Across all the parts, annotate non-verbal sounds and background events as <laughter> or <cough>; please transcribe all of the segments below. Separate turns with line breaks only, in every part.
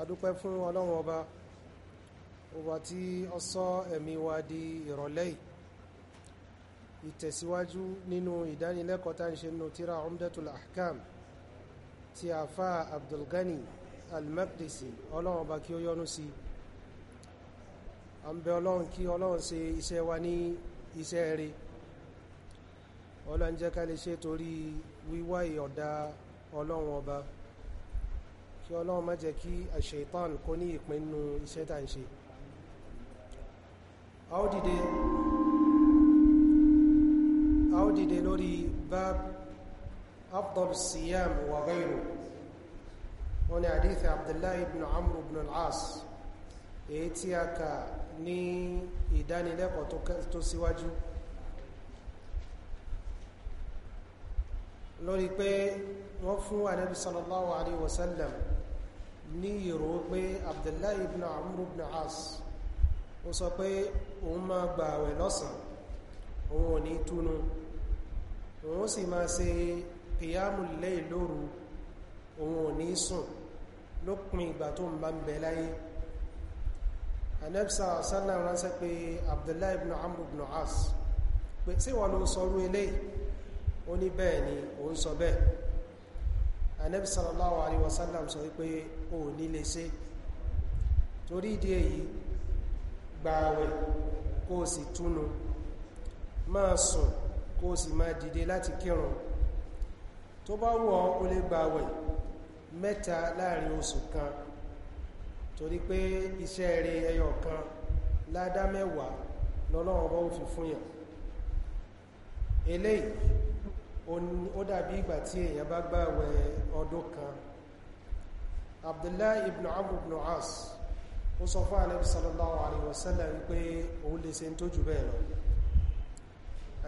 adúpẹ́ fún ọlọ́run ọba ọba tí ó sọ ẹ̀mí wa di ìrọ̀lẹ́ ìtẹ̀síwájú nínú ìdánilẹ́kọ̀ọ́ tá ń ṣe nínú tíra umdatul ahkam ti àfá abdulgani al-maqdisi ọlọ́run ọba kí ó yọ́nú sí a ń bẹ ọlọ́run kí ọlọ́run ṣe iṣẹ́ wa ní iṣẹ́ rere ọlọ́run jẹ́ ká lè ṣe torí wíwá ìyọ̀dá ọlọ́run ọba kí ọlọ́run má jẹ́ kí àṣetán kó ní ìpinnu iṣẹ́ tà ń ṣe a ó dìde a ó dìde lórí bab afdal siyam wa ghayru wọn ni àdífẹ́ abdullahi ibn amr ibn al-as èyí tí a kà ní ìdánilẹ́kọ̀ọ́ tó síwájú lórí pé wọ́n fún ànábì sallallahu alaihi wasallam ní ìrò pé abdullahi ibn amr ibn as ó sọ pé òun máa gba àwẹ̀ lọ́sàn òun ò ní túnú òun ó sì máa ṣe qiyamul layl lóru òun ò ní sùn lópin ìgbà tó ń bá ń bẹ láyé anẹ́bísà sálà ránṣẹ́ pé abdullahi ibn amr ibn as pé tí wọ́n ló sọ rú eléyìí ó ní bẹ́ẹ̀ ni òun sọ bẹ́ẹ̀ anabi sallallahu alayhi wa sallam sọ wípé o ò ní lè ṣe torí ìdí èyí gbààwẹ̀ kó o sì túnu máa sùn kó o sì máa dìde láti kírun tó bá wọ o lè gbààwẹ̀ mẹ́ta láàrin oṣù kan torí pé iṣẹ́ rẹ̀ ẹyọ kan ládá mẹ́wàá lọ́lọ́run bá fi fún yàn eléyìí ó dàbí ìgbà tí èèyàn bá gbààwẹ̀ ọdún kan abdullahi ibn amr ibn as ó sọ fún ànábì sallallahu alaihi wasallam wípé òun lè ṣe ń tó jù bẹ́ẹ̀ lọ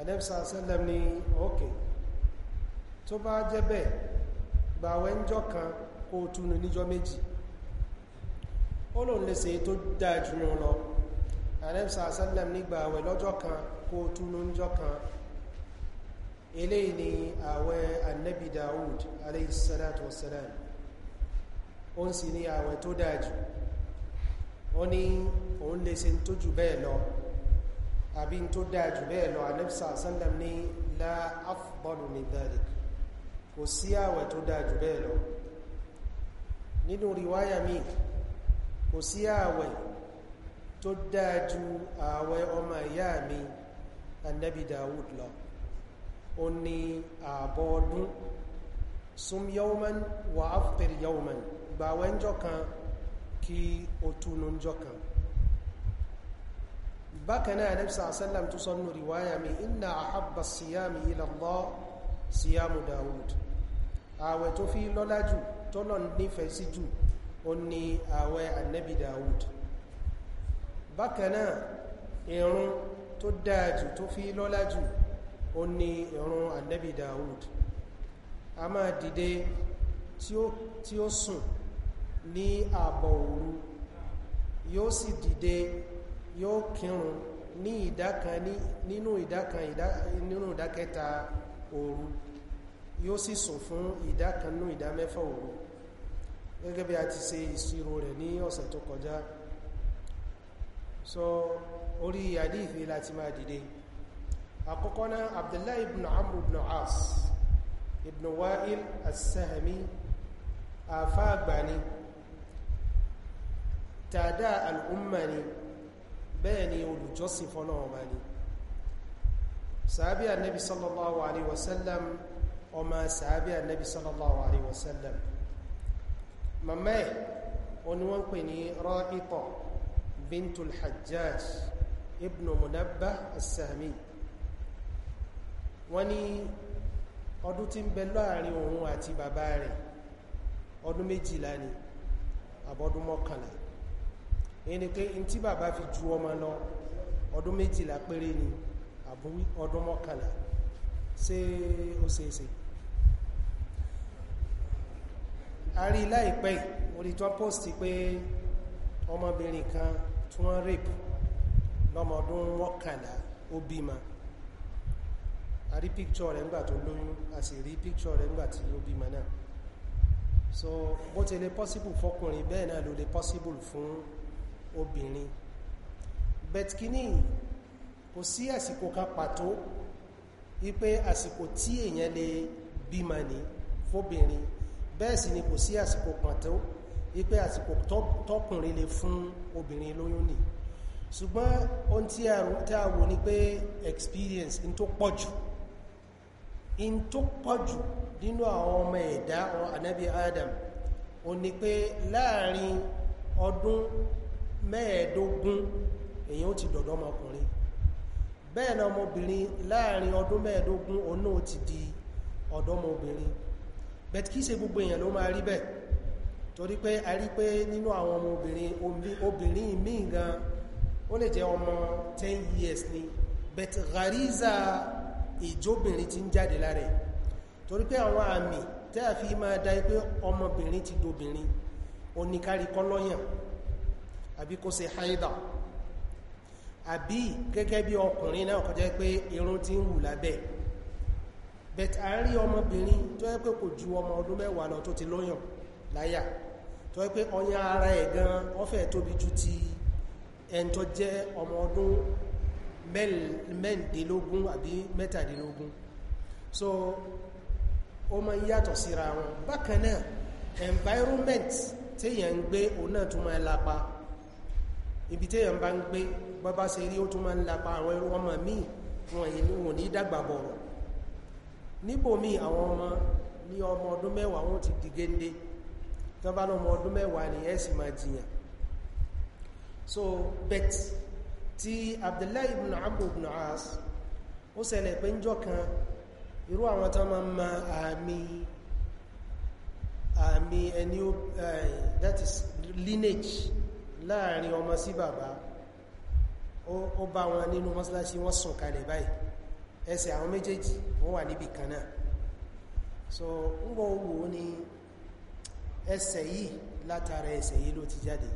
ànábì sallallahu alaihi wasallam ní ókè tó bá jẹ́ bẹ́ẹ̀ gbààwẹ̀ ńjọ́ kan kó túnú níjọ́ méjì ó lòun lè ṣe tó dáa jù lọ ànábì sallallahu alaihi wasallam ní lọ́jọ́ kan kó túnú níjọ́ kan eléyìí ni àwẹ̀ annabi Dawud aleyhisselatu wasalam ó ń sì ní àwẹ̀ tó dájú ó ní òun lè ṣe tó jù bẹ́ẹ̀ lọ àbí tó dájú bẹ́ẹ̀ lọ anẹ́bìsà sallam ní la afdalu min dhalik kò sí àwẹ̀ tó dájú bẹ́ẹ̀ lọ nínú riwaya mi kò sí àwẹ̀ tó dájú àwẹ̀ ọmọ ìyá mi annabi Dawud lọ ó ní ààbọ̀ ọdún sum yawman wa aftir yawman gbàwẹ̀ ńjọ́ kan kí o túnú ńjọ́ kan bákan náà nabi sallam tó sọ́nù riwaya mi inna ahabba siyami ila Allah siyamu Dawud ààwẹ̀ tó fi lọ́lá jù tó lọ nífẹ̀ẹ́ sí jù ó ní ààwẹ̀ annabi Dawud bákan náà tó dáa jù tó fi lọ́lá jù ó ní ìrun annabi dawud a máa dìde tí ó sùn ní ààbọ̀ òru yóò sì dìde yóò kírun ní ìdákan nínú ìdákan nínú ìdákẹta òru yóò sì sùn fún ìdákan nínú ìdámẹ́fà òru gẹ́gẹ́ bí a ti ṣe ìṣirò rẹ̀ ní ọ̀sẹ̀ tó kọjá so orí àdífẹ́ láti máa dìde àkọ́kọ́ náà abdullahi ibn amru ibn as ibn wa'il as-sahmi àfáàgbani tàdá al'umma ni bẹ́ẹ̀ ni olùjọ́sìn fọ́nà ọba ni sàábíà nabi sallallahu alaihi wasallam ọmọ sàábíà nabi sallallahu alaihi wasallam mamma ẹ̀ oní wọ́n pè ní ra'itọ̀ bintul hajjaj ibn munabbah as-sahmi wọ́n ní ọdún tí ń bẹ láàrin òun àti bàbá rẹ̀ ọdún méjìlá ni àbọ́dún mọ́kànlá ẹni pé in tí bàbá fi ju ọmọ lọ ọdún méjìlá péré ni àbú ọdún mọ́kànlá ṣé ó ṣe é ṣe
a rí láìpẹ́
orí tó post pé ọmọbìnrin kan tí rape lọ́mọ mọ́kànlá ó bímọ a rí píkṣọ rẹ̀ ńgbà tó lóyún a sì rí píkṣọ rẹ̀ ńgbà tí ó bímọ náà so bó ti lè possible fọkùnrin bẹ́ẹ̀ náà ló lè possible fún obìnrin betkini kò sí àsìkò kan pàtó wípé àsìkò tí èèyàn lè bímọ ní fóbìnrin bẹ́ẹ̀ sì ni kò sí àsìkò pàtó wípé àsìkò tọkùnrin lè fún obìnrin lóyún ni ṣùgbọ́n ohun tí a wò ni pé experience ní tó pọ̀ in tó pọ̀jù nínú àwọn ọmọ ẹ̀dá àwọn anábì adam ó ní pé láàrin ọdún mẹ́ẹ̀ẹ́dógún èyàn ó ti dọ̀dọ̀ ọmọkùnrin bẹ́ẹ̀ náà ọmọbìnrin láàrin ọdún mẹ́ẹ̀ẹ́dógún òun náà ti di ọ̀dọ́mọbìnrin bet kìí ṣe gbogbo èèyàn ló máa rí bẹ́ẹ̀ torí pé a rí pé nínú àwọn ọmọbìnrin obìnrin míì ó lè jẹ́ ọmọ 10 years ni bet ghariza ìjóbìnrin ti ń jáde lára ẹ̀ torí pé àwọn àmì tẹ́ à fi máa dá pé ọmọbìnrin ti dobìnrin oníkárí kọ́lọ́yàn àbí kó ṣe haida àbí gẹ́gẹ́ bí ọkùnrin náà kọjá pé irun ti ń hù lábẹ́ bet a rí ọmọbìnrin tó yẹ pé kò ju ọmọ ọdún mẹ́wàá lọ tó ti lóyàn láyà tó yẹ pé ọyàn ara ẹ̀ gan ó fẹ́ tóbi ju ti ẹni tó jẹ́ ọmọ ọdún mẹ́ndínlógún àbí mẹ́tàdínlógún so ó máa ń yàtọ̀ síra wọn bákan náà environment téèyàn ń gbé òun náà tún máa lapa ibi téèyàn bá ń gbé bọ́bá ṣe rí ó tún máa ń lapa àwọn irú ọmọ míì wọn yìí wọn ní dàgbà bọ̀rọ̀ níbòmí àwọn ọmọ ní ọmọ ọdún mẹ́wàá wọn ti di géńdé ọdún mẹ́wàá ni ẹ sì máa so bet ti abdullahi ibn amr ibn as ó ṣẹlẹ̀ pé ń jọ kan irú àwọn tán ma ma àmì àmì ẹni ó eh, that is lineage láàrin ọmọ sí bàbá ó bá wọn nínú mọ́sálásí wọ́n sùn kalẹ̀ báyìí ẹsẹ̀ àwọn méjèèjì wọ́n wà níbi kan náà so ń gbọ́ owó ni ẹsẹ̀ yìí látara ẹsẹ̀ yìí ló ti jáde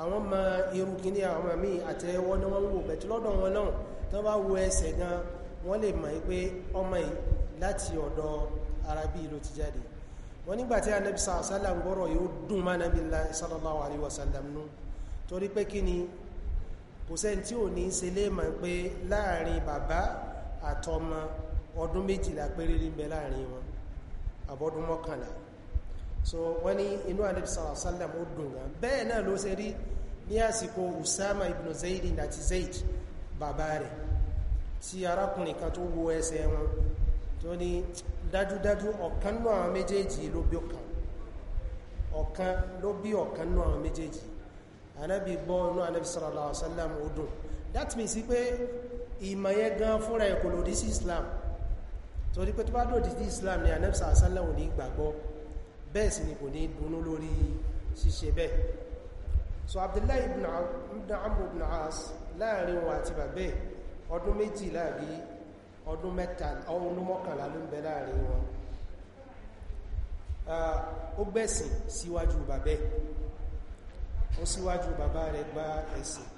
àwọn ma irun kí ní àwọn míì àtẹ́wọ́ ní wọ́n ń wò bẹ̀tí lọ́dọ̀ wọn náà tó bá wo ẹsẹ̀ gan wọ́n lè mọ̀ pé ọmọ láti ọ̀dọ̀ arabi ló ti jáde wọ́n nígbàtí anabi sàásálà ń gbọ́rọ̀ yóò dùn má nàbí sallallahu alaihi wasallam nú torí pé kí ni kò sẹ́ni tí ò ní ṣe lé mọ̀ pé láàrin bàbá àtọmọ so wọ́n ní inú ànábì sallallahu alaihi wasallam ó dùn gan bẹ́ẹ̀ náà ló ṣe ní àsìkò usama ibn zaid àti zaid bàbá rẹ̀ tí arákùnrin kan tó wo ẹsẹ̀ wọn tó ní dájúdájú ọ̀kan náà àwọn méjèèjì ló bí ọ̀kan ọ̀kan ló bí ọ̀kan náà àwọn méjèèjì ànábì gbọ́ inú ànábì sallallahu alaihi ó dùn that means pé ìmọ̀ yẹn gan fúnra islam torí pé tó bá lòdì sí islam ni ànábì sallallahu alaihi wasallam bẹ́ẹ̀ sì ni kò ní dunú lórí ṣíṣe bẹ́ẹ̀ so abdullahi ibn amr ibn as láàrin wọn àti bàbẹ́ ọdún méjì láàbí ọdún mẹ́ta ọdún mọ́kànlá ló ń bẹ láàrin wọn ó gbẹ̀sìn síwájú bàbẹ́ ó síwájú bàbá rẹ̀ gba ẹ̀sìn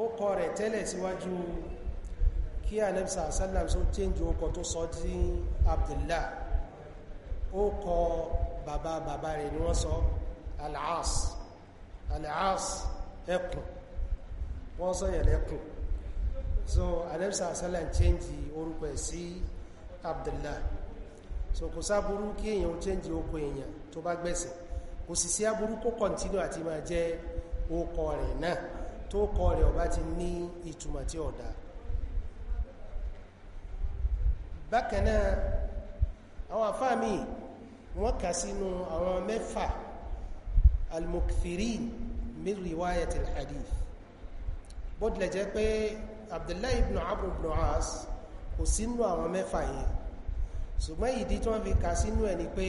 ó kọ rẹ̀ tẹ́lẹ̀ síwájú kí anẹ́bìsà sálàm só change ó kọ tó sọ sí abdullahi ó kọ bàbá bàbá rẹ̀ ni wọ́n sọ al-Aas al ẹkùn wọ́n sọ yẹn lẹ́kùn so alẹ́bísà sálà ń chẹ́ǹjì orúkọ ẹ̀ sí Abdullah so kò sáburú kí èèyàn ó chẹ́ǹjì okò èèyàn tó bá gbẹ̀sẹ̀ kò sì sí aburú kó kọ̀ntínú àti máa jẹ́ okọ rẹ̀ náà tó kọ rẹ̀ ọba ti ní ìtumọ̀ tí ọ̀dà bákan àwọn àfáà míì wọ́n kà sínú àwọn mẹ́fà al-mukthirin min riwayat al-hadith bó tilẹ̀ jẹ́ pé abdullahi ibn abu ibn as kò sínú àwọn mẹ́fà yẹn ṣùgbọ́n ìdí tí wọ́n fi kà sínú ẹ̀ ni pé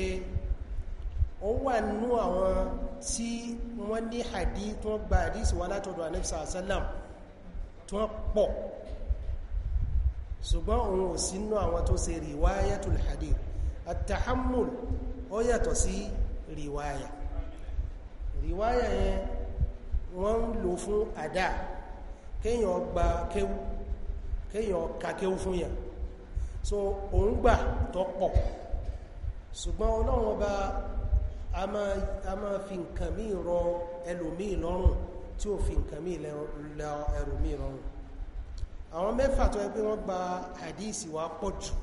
ó wà nínú àwọn tí wọ́n ní hadith tí gba hadith wà látọ̀dọ̀ anẹ́bisa asalam tí wọ́n pọ̀ ṣùgbọ́n òun ò sínú àwọn tó ṣe riwayatul hadith at-tahammul ó yàtọ̀ sí rìwáyà rìwáyà yẹn wọ́n ń lò fún àdá kéèyàn gba kéwú kéèyàn ka kéwú fún yà so òun gbà tó pọ̀ ṣùgbọ́n ọlọ́run ọba a máa fi nǹkan míì rọ ẹlòmíì lọ́rùn tí ó fi nǹkan míì lọ ẹlòmíì lọ́rùn àwọn mẹ́fà tó yẹ wọ́n gba hadisi wa pọ̀ jù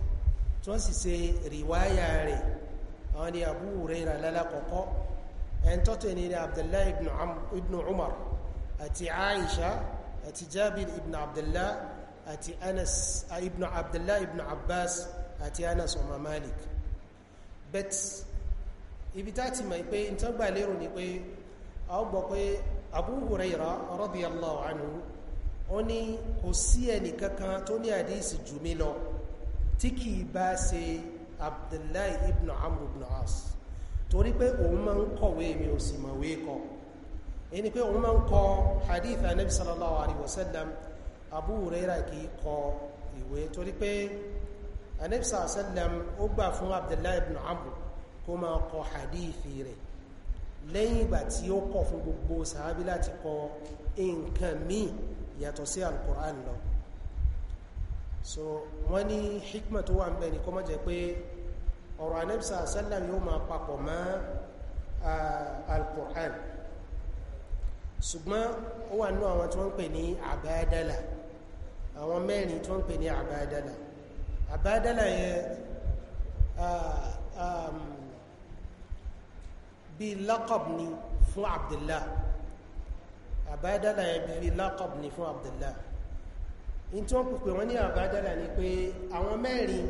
tí wọ́n sì ṣe rìwáyà rẹ̀ àwọn ni abu huraira lálàkọ́kọ́ ẹn tọ́tẹ̀ ni ni abdullahi ibn umar àti aisha àti jabir ibn abdullah àti anas ibn abdullah ibn abbas àti anas ọmọ malik bet ibi tá ti mọ̀ pé n tán gbà lérò ni pé a ó gbọ́ pé abu huraira radiyallahu anhu ó ní kò sí ẹnì kankan tó ní àdísì jù lọ tí kìí bá ṣe abdullahi ibn amr ibn as torí pé òun máa ń kọ̀wé mi ò sì mọ̀wé kọ ẹni pé òun máa ń kọ hadith anabi sallallahu alaihi wasallam abu huraira kì í kọ ìwé torí pé anabi sallallahu alaihi wasallam ó gbà fún abdullahi ibn amr kó máa kọ hadithi rẹ̀ lẹ́yìn ìgbà tí ó kọ̀ fún gbogbo sàábí láti kọ nǹkan míì yàtọ̀ sí alkùrán lọ so wọ́n ní hikma tó wà ń bẹ ní kó má jẹ́ pé ọ̀rọ̀ anẹ́bìsà sallam yóò máa papọ̀ mọ́ al-Qur'an ṣùgbọ́n ó wà nú àwọn tí wọ́n ń pè ní àbádálà àwọn mẹ́rin tí wọ́n ń pè ní àbádálà àbádálà yẹn bí lákọ̀b ni fún Abdullah àbádálà yẹn bí lákọ̀b ni fún Abdullah in tí wọ́n pùpẹ̀ wọ́n ní àbádára ni pé àwọn mẹ́rin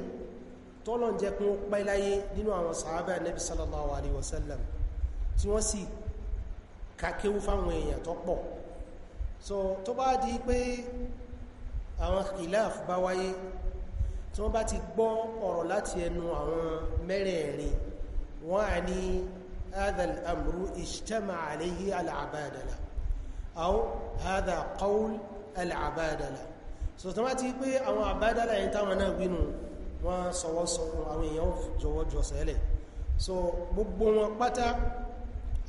tọ́lọ̀ jẹ́ pín ó pẹ́ láyé nínú àwọn sàábà nẹ́bí sallallahu alaihi wasallam tí wọ́n sì so tó bá di pé àwọn khilaf bá wáyé tí wọ́n bá ti gbọ́ ọ̀rọ̀ láti ẹnu àwọn mẹ́rẹ̀ẹ̀rin wọ́n a ní hadha al-amru ijtama abadala aw so tó má ti pé àwọn àbádálà yìí táwọn náà gbínú wọ́n sọwọ́sọ àwọn èèyàn jọwọ́ jọ sẹ́lẹ̀ so gbogbo wọn pátá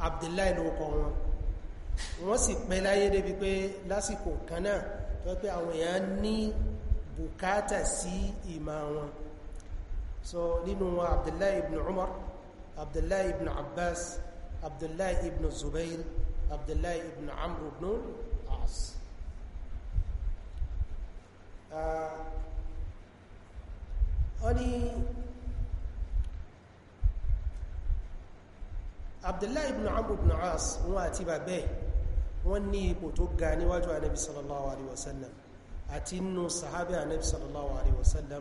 Abdullahi ló kọ wọn wọ́n sì pẹ́ láyé débi pé lásìkò kan náà tó pé àwọn èèyàn ní bùkátà sí ìmá wọn so nínú wọn Abdullahi ibn Umar Abdullahi ibn Abbas Abdullahi ibn Zubair Abdullahi ibn Amr ibn As أني عبد الله بن عمرو بن عاص واتي بابي وني بوتوغا ني واجو النبي صلى الله عليه وسلم أتينو صحابة النبي صلى الله عليه وسلم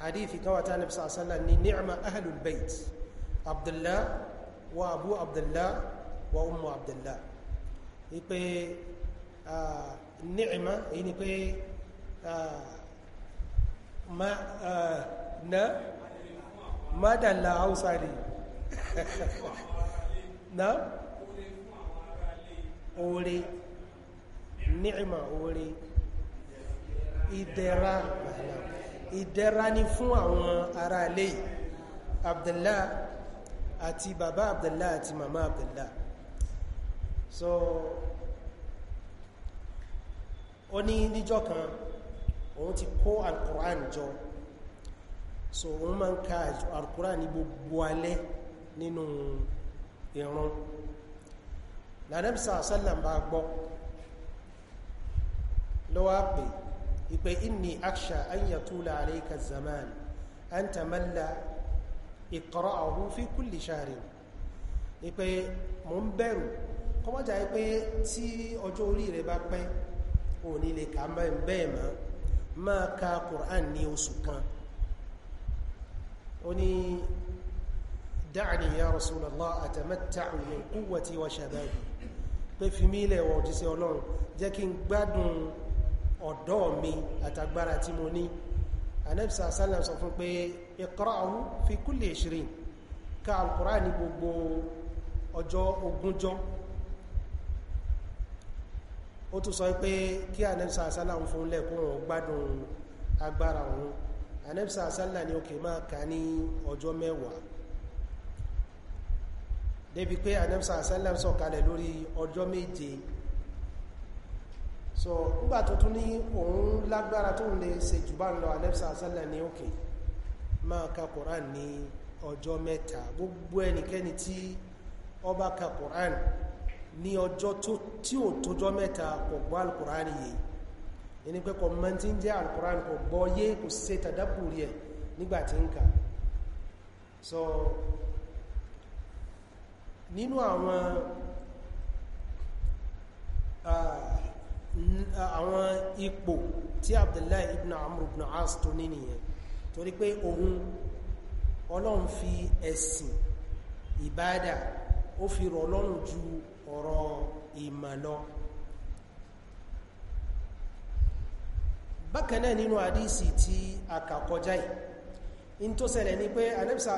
حديثي كواتا النبي صلى الله عليه وسلم نعم أهل البيت عبد الله وأبو عبد الله وأم عبد الله يبقى آه ni'ima èyí ni pé na mádàlá haúsá rí na oore ni'ima oore ìdẹ̀ra ìdẹ̀ra ni fún àwọn ará ilé Abdullah àti bàbá Abdullah àti màmá Abdullah so ó ní níjọ́ kan òun ti kó alkùrán jọ so òun máa ń ka alkùrán ní gbogbo alẹ́ nínú ìrun lànàbísà sálàm bá gbọ́ lọ́wọ́ pé ìpé inni aksha an yatula alayka zaman an tamalla iqra'ahu fi kulli shahrin ìpé mo ń bẹ̀rù kọmọ́jà ìpé tí ọjọ́ orí rẹ̀ bá pẹ́ ò ní lè kà bẹ́ẹ̀ mọ́ máa ka Qur'an ní oṣù kan ó ní dáàni ya Rasulullah àtàmẹ́tàù min quwwati wa shababi pé fi mílẹ̀ wọ̀ òjíṣẹ́ ọlọ́run jẹ́ kí n gbádùn ọ̀dọ́ mi àtàgbára tí mo ní ọjọ́ ogúnjọ́ ó tún sọ pé kí anẹ́bísà àsálà ń fún lẹ́kún òun gbádùn agbára òun anẹ́bísà àsálà ni òkè máa kà ní ọjọ́ mẹ́wàá débi pé anẹ́bísà àsálà ń sọ̀kalẹ̀ lórí ọjọ́ méje so nígbà tó tún ní òun lágbára tó ń lè ṣe jù bá ń lọ anẹ́bísà àsálà ní òkè máa ka Qur'an ní ọjọ́ mẹ́ta gbogbo ẹnikẹ́ni tí ó ka Qur'an ní ọjọ́ tí ò tójọ́ mẹ́ta kò gbọ́ alkùránì yìí ẹni pé kò mọ́ tí ń jẹ́ alkùránì kò gbọ́ yé kò ṣe tàdábùrí ẹ̀ nígbàtí ń kà so nínú àwọn àwọn ipò tí abdullahi ibn Amru ibn as tó ní nìyẹn torí pé òun ọlọ́run fi ẹ̀sìn ìbádà ó fi rọ̀ lọ́rùn ju ọ̀rọ̀ ìmàlọ́ bákanáà nínú àdísì tí a kà kọjá yìí in tó ṣẹlẹ̀ ní pé anẹ́bìsà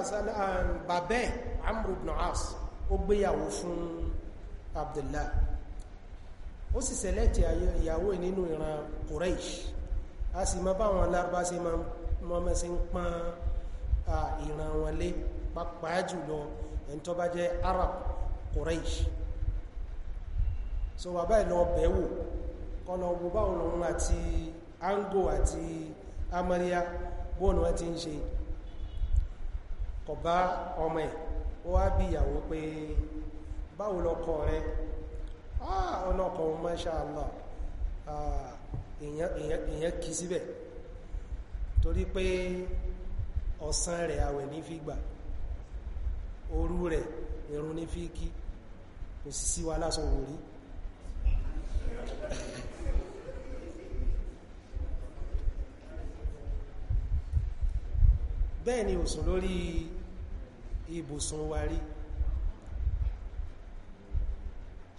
bàbẹ́ amru ibn as ó gbéyàwó fún abdullah ó sì ṣẹlẹ̀ tí ìyàwó nínú ìran quraish a sì ma báwọn lárúbá sí mọ́mọ́ sí ń pán ìran wọn lé jùlọ ẹ̀ntọ́ arab quraish so bàbá ẹ̀ lọ bẹ̀ wò kọ́nà ogun báwọn àti ango àti amaria bóònù wọn ti ń ṣe kọ̀ bá ọmọ ẹ̀ ó wá bí ìyàwó pé báwo lọkọ rẹ ah, ọ̀nà ọkọ masha Allah èèyàn ah, kì síbẹ̀ torí pé ọ̀sán rẹ̀ àwẹ̀ ní fi gbà òru rẹ̀ ìrun ní fi kí kò sí wa lásán òwò bẹ́ẹ̀ ni òsùn lórí ibùsùn wa rí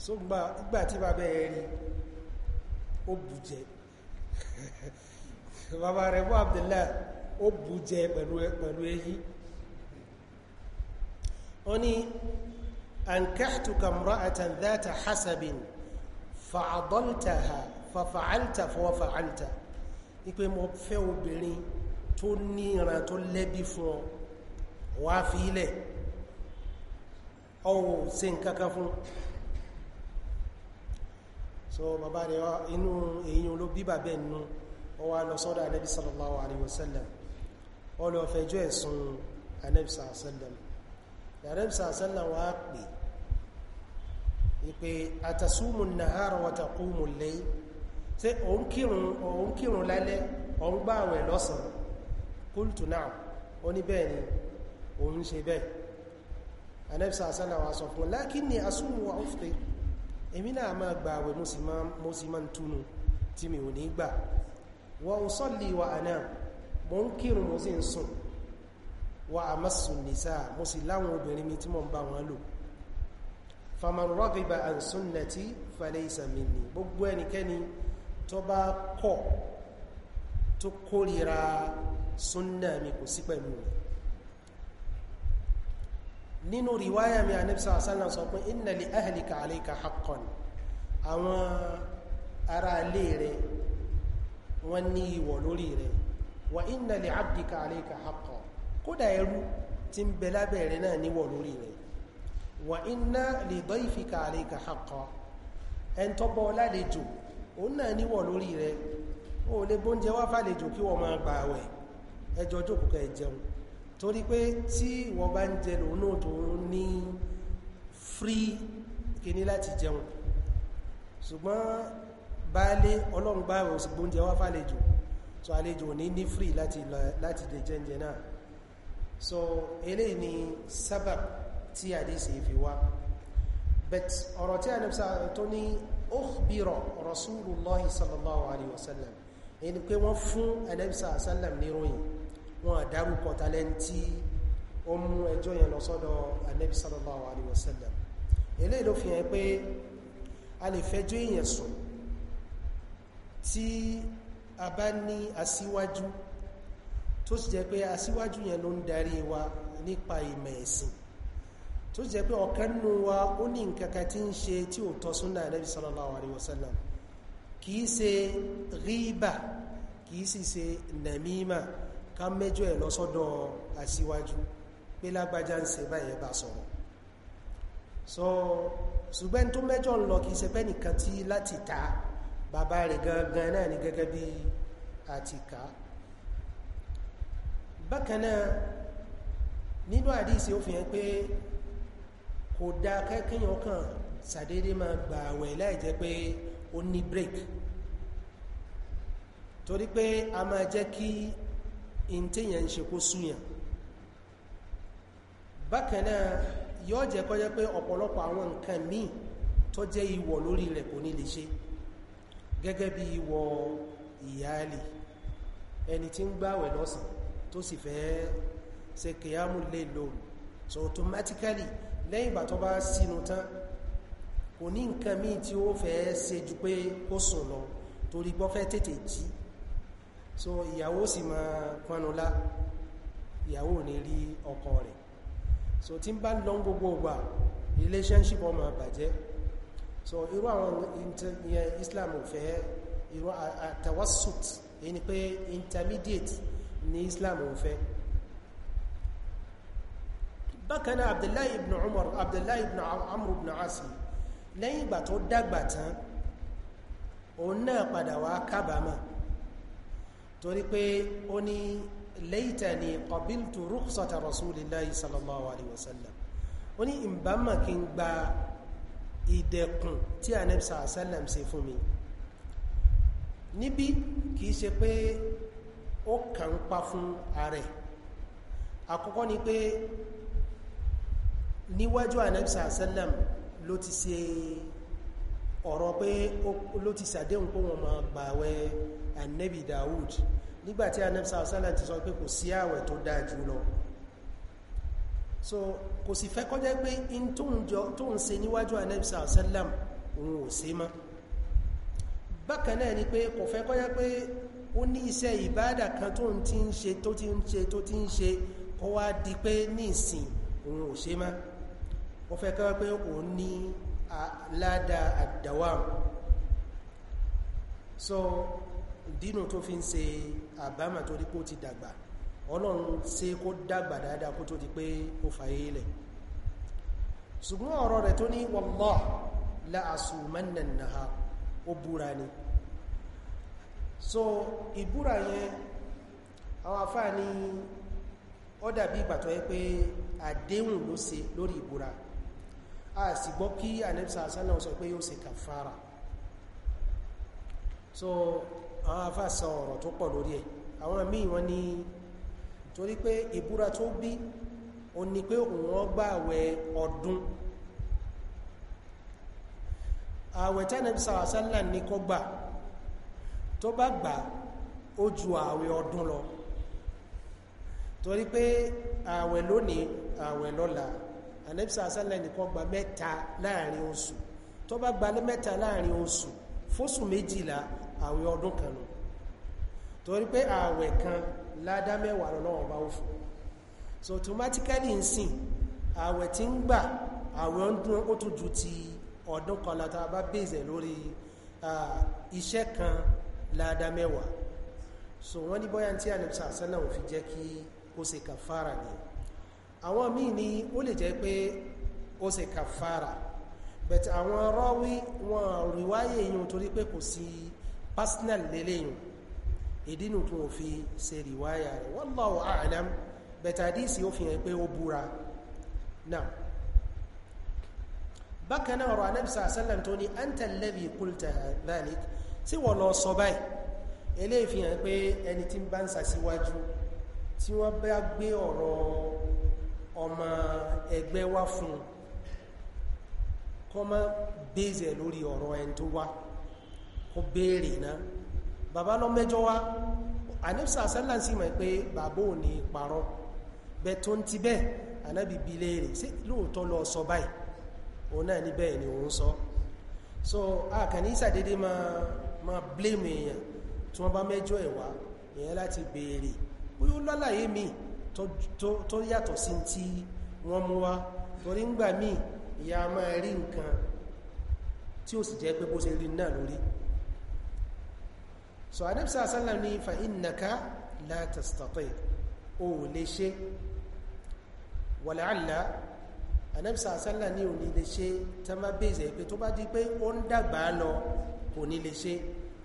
so gbà tí bàbá ẹ rí ó bùjẹ <laughs> bàbá rẹ̀ bú Abdullah ó bùjẹ pẹ̀lú èyí ó ní ankahtuka imra'atan dhata hasabin fàádọ́ntàhà fàfàáltà fọwọ́fàáltà wípé mo fẹ́ obìnrin tó ní ìran tó lẹ́bí fún ọ wá fi ilẹ̀ ọwọ́ ṣe nǹkankan fún so bàbá rẹ̀ inú èyí ló bí bàbẹ̀ nù ọ wá lọ sọ́dọ̀ anẹ́bí sallallahu alaihi wasallam ọ lọ ìpè àtàsúmù nàárà wàtàkùmù lẹ́yìn ṣe òun kírun òun kírun lálẹ́ òun gbààwẹ̀ lọ́sàn kúltù náà ó ní bẹ́ẹ̀ ni òun ṣe bẹ́ẹ̀ anẹ́bísà àsánà wa sọ fún lákí ni asúmù wa ọ́fẹ́ èmi náà máa gbààwẹ̀ mo sì máa ń tí mi ò ní gbà wọ́n sọ́lì faman raghiba an sunnati falaysa minni gbogbo ẹnikẹ́ni tó bá kọ̀ tó kórìíra súnnà mi kò sí pẹ̀lú rẹ̀ nínú riwaya mi anibisa asana sọ pé inna li ahlika alayka haqqan àwọn ará ilé rẹ̀ wọ́n ní ìwọ̀ lórí rẹ̀ wa inna li abdika alayka haqqan kódà ẹrú tí ń bẹ lábẹ́ rẹ̀ náà níwọ̀ lórí rẹ̀ wà inna li dayfika alayka haqqan ẹn tọ́bọ̀ lálejò òun náà níwọ̀ lórí rẹ̀ ó lè bóúnjẹ wá fàlejò kí wọ́n máa gbà wẹ̀ ẹjọ́ jókòó ẹ jẹun torí pé tí wọ́n bá ń jẹ lòun tó ní free kìíní láti jẹun ṣùgbọ́n baálé ọlọ́run bá rẹ̀ òsì gbóúnjẹ wá fàlejò so àlejò ní ní free láti lè jẹ́ǹjẹ náà so eléyìí ni sábàbí tí àdísì fi wá bet ọ̀rọ̀ tí a nípsà tó ní ukhbira rasulullahi sallallahu alaihi wasallam ẹni pé wọ́n fún anẹ́bìsà sallam níròyìn wọn àdárúkọ tàlẹ́ntì ó mú ẹjọ́ yẹn lọ sọ́dọ̀ anẹ́bì sallallahu alaihi wasallam eléyìí ló fi hàn pé a lè fẹjọ́ èèyàn sùn tí a bá ní asíwájú tó sì jẹ́ pé asíwájú yẹn ló ń darí wa nípa ìmọ̀ ẹ̀sìn tó jẹ́ pé ọ̀kan nínú wa ó ní nǹkankan tí ń ṣe tí ò tọ́ súnà Ànábì sallallahu alaihi wasallam kìí ṣe ríbà kìí sì ṣe nàmímà ká mẹ́jọ ẹ̀ lọ́sọ́dọ̀ aṣíwájú pé lágbájá ń ṣe báyẹ̀ bá sọ̀rọ̀ so ṣùgbọ́n tó mẹ́jọ ń lọ kìí ṣe pẹ́ nìkan tí láti ta bàbá rẹ̀ gangan náà ni gẹ́gẹ́ bí àtìká bákan náà nínú àdíṣe ó fi hàn pé kò dáa kẹ́kẹ́yàn kan sàdédé máa gbà àwẹ̀ láì jẹ́ pé ó ní break torí pé a máa jẹ́ kí in téèyàn ń ṣe kó súyàn bákan náà yóò jẹ́ kó jẹ́ pé ọ̀pọ̀lọpọ̀ àwọn nǹkan míì tó jẹ́ ìwọ̀ lórí rẹ̀ kò ní lè ṣe gẹ́gẹ́ bí ìwọ̀ ìyáàlì ẹni tí ń gbàwẹ̀ lọ́sàn tó sì fẹ́ ṣe kìyàmù lè lòrù so automatically lẹ́yìn ìgbà tó bá sínú tán kò ní nǹkan míì tí ó fẹ́ ṣe ju pé kó sùn lọ torí gbọ́ tètè jí so ìyàwó sì máa panulá ìyàwó ní rí ọkọ rẹ̀ so tí ń bá lọ gbogbo ọgbà relationship ọmọ àbàjẹ́ so irú àwọn Islam ò fẹ́ irú àtàwásùt èyí ni pé intermediate ní Islam ò fẹ́ bákan náà abdullahi ibn umar abdullahi ibn amr ibn asim lẹ́yìn ìgbà tó dàgbà tán òun náà padà wá kábàámà torí pé ó ní laytani qabiltu rukhsata rasulillahi sallallahu alaihi wasallam ó ní ìbámà kí n gba ìdẹ̀kùn tí ànábì sallam ṣe fún mi níbi kìí ṣe pé ó kàn ń pa fún ààrẹ àkọ́kọ́ ni pé níwájú ànẹ́bìsà sẹ́lẹ̀m ló ti ṣe ọ̀rọ̀ pé ló ti sàdéhùn pé wọ́n máa gbàwẹ̀ ànẹ́bì Dawud nígbàtí ànẹ́bìsà sẹ́lẹ̀m ti sọ pé kò sí àwẹ̀ tó dáa lọ so kò sì fẹ́ kọjá pé in tó ń ṣe níwájú ànẹ́bìsà sẹ́lẹ̀m òun ò ṣe mọ́ bákan náà ni pé kò fẹ́ kọjá pé ó ní iṣẹ́ ìbáàdà kan tó ti ń ṣe tó ti ń ṣe tó ti ń ṣe kó di pé ní ìsìn òun ò ṣe mọ́ ó fẹ́ ká pé òun ní ládàá àdáwàm so dínú tó fi ń ṣe àbámà torí pé ó ti dàgbà ọlọ́run ṣe kó dàgbà dáadáa kó tó di pé ó fàyé lẹ̀ ṣùgbọ́n ọ̀rọ̀ rẹ̀ tó ní wallahi la àsùmánà náà ó búra ni so ìbúra yẹn àwọn afáà ni ó dàbí ìgbà tó yẹ pé àdéhùn ló ṣe lórí ìbúra a sì gbọ́ kí anẹ́bísà sálà sọ pé yóò ṣe kàfàrà so àwọn afá sọ ọ̀rọ̀ tó pọ̀ lórí ẹ̀ àwọn míì wọ́n ní torí pé ìbúra tó bí o ní pé òun gbà àwẹ̀ ọdún àwẹ̀ tánàbísà sálà ní kó gbà tó bá gbà ó ju àwẹ̀ ọdún lọ torí pé àwẹ̀ lónìí àwẹ̀ lọ́la ànẹ́bísà sálẹ̀ nìkan gba mẹ́ta láàrin oṣù tó bá gba mẹ́ta láàrin oṣù fóṣù méjìlá àwẹ̀ ọdún kan nù torí pé àwẹ̀ kan ládá mẹ́wàá lọ́wọ́ bá ó fún so automatically ń sìn àwẹ̀ tí ń gbà àwẹ̀ ọdún ó tún ju ti ọdún kan látara bá bèèzẹ̀ lórí iṣẹ́ kan ládá mẹ́wàá so wọ́n ní bọ́yá tí ànẹ́bísà sálẹ̀ òfin jẹ́ kí ó ṣe kàfàrà nìyẹn àwọn míì ni ó lè jẹ́ pé ó ṣe kàfàrà but àwọn rọ́wí wọn ríwáyé èyàn torí pé kò sí personal lélẹ́yìn ìdínú tó fi ṣe ríwáyà rẹ̀ wallahu a'lam but àdísì ó fi hàn pé ó búra náà bákan náà ọ̀rọ̀ anẹ́bìsà sẹ́lẹ̀m tó ní antalẹ́bì kúlta dhalik tí wọ́n lọ sọ báyìí eléyìí fi hàn pé ẹni tí ń bá ń sàsíwájú tí wọ́n bá gbé ọ̀rọ̀ ọmọ ẹgbẹ́ wá fún kọ́ mọ́ bèèzẹ̀ lórí ọ̀rọ̀ ẹni tó wá kó béèrè náà bàbá lọ mẹ́jọ wá anẹ́bùsà sẹ́làn sí mọ̀ pé bàbá ò ní parọ́ bẹ tó ń ti bẹ́ẹ̀ anábì bi léèrè sí lóòótọ́ lọ sọ báyìí òun náà ní bẹ́ẹ̀ ni òun sọ so àkànní ìsàdédé máa máa blame èèyàn tí wọ́n bá mẹ́jọ ẹ̀ wá èèyàn láti béèrè bóyá ó lọ́láyé míì tó yàtọ̀ sí tí wọ́n mú wá torí ń gbà míì ìyá máa rí nǹkan tí ó sì jẹ́ pé bó ṣe rí náà lórí so anẹ́bísà sálà ní fa innaka la tastati' lè ṣe wàláàlá anẹ́bísà sálà ní o ní lè ṣe tẹ́mà bèèzẹ̀ pé tó bá di pé ó ń dàgbà lọ kò ní lè ṣe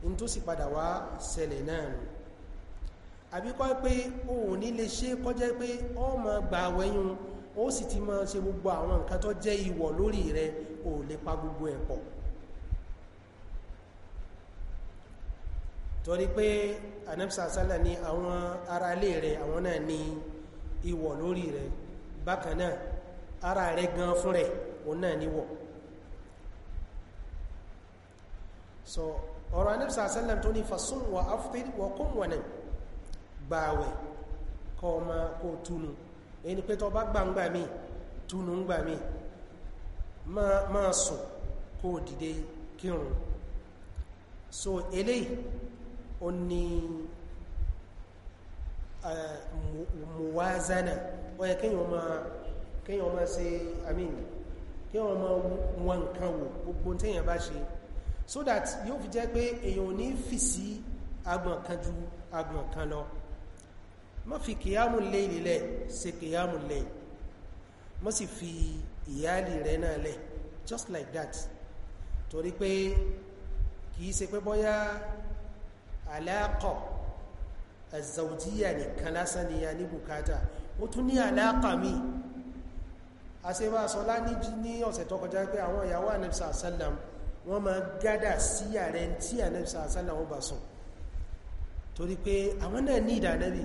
in tó sì padà wá ṣẹlẹ̀ náà àbí kọ́ pé òun ní lè ṣe kọjá pé ó máa gbà wẹ́yún ó sì ti máa ṣe gbogbo àwọn nǹkan tó jẹ́ ìwọ̀ lórí rẹ̀ ò lè pa gbogbo ẹ̀ pọ̀ torí pé anẹ́bùsàsálà ní àwọn ará ilé rẹ̀ àwọn náà ní ìwọ̀ lórí rẹ̀ bákan náà ara rẹ̀ gan fún rẹ̀ òun náà níwọ̀ so ọ̀rọ̀ anẹ́bùsàsálà tó ní fasún wa aftir wa kún gbààwẹ̀ kọ́ ọmọ kó túnu èyí ni pé tọ́ bá gbàǹgbà mi túnu ń gbà mí máa sùn kó dìde kírun so eléyìí ó ní muwazana ó yẹ kéèyàn máa kéèyàn máa ṣe àmìnì kéèyàn máa wọn nǹkan wò gbogbo téèyàn bá ṣe so that yóò fi jẹ́ pé èèyàn ò ní fìsí agbọ̀n kan ju agbọ̀n kan lọ má fi kìyàmù léyìí lẹ̀ ṣe kìyàmù léyìí má sì fi ìyáàlì rẹ̀ náà lẹ̀ just like that torí pé kìí ṣe pé bọ́yá aláàkọ̀ azawjiya nìkan lásán ni a ní bùkátà ó tún ní aláàkà mi a ṣe máa sọ lá ní ọ̀sẹ̀ tó kọjá pé àwọn ìyàwó anẹ́bìsà sálàm wọ́n máa gádà sí ààrẹ tí anẹ́bìsà sálàm wọ́n bá sùn torí pé àwọn náà ní ìdánẹ́bì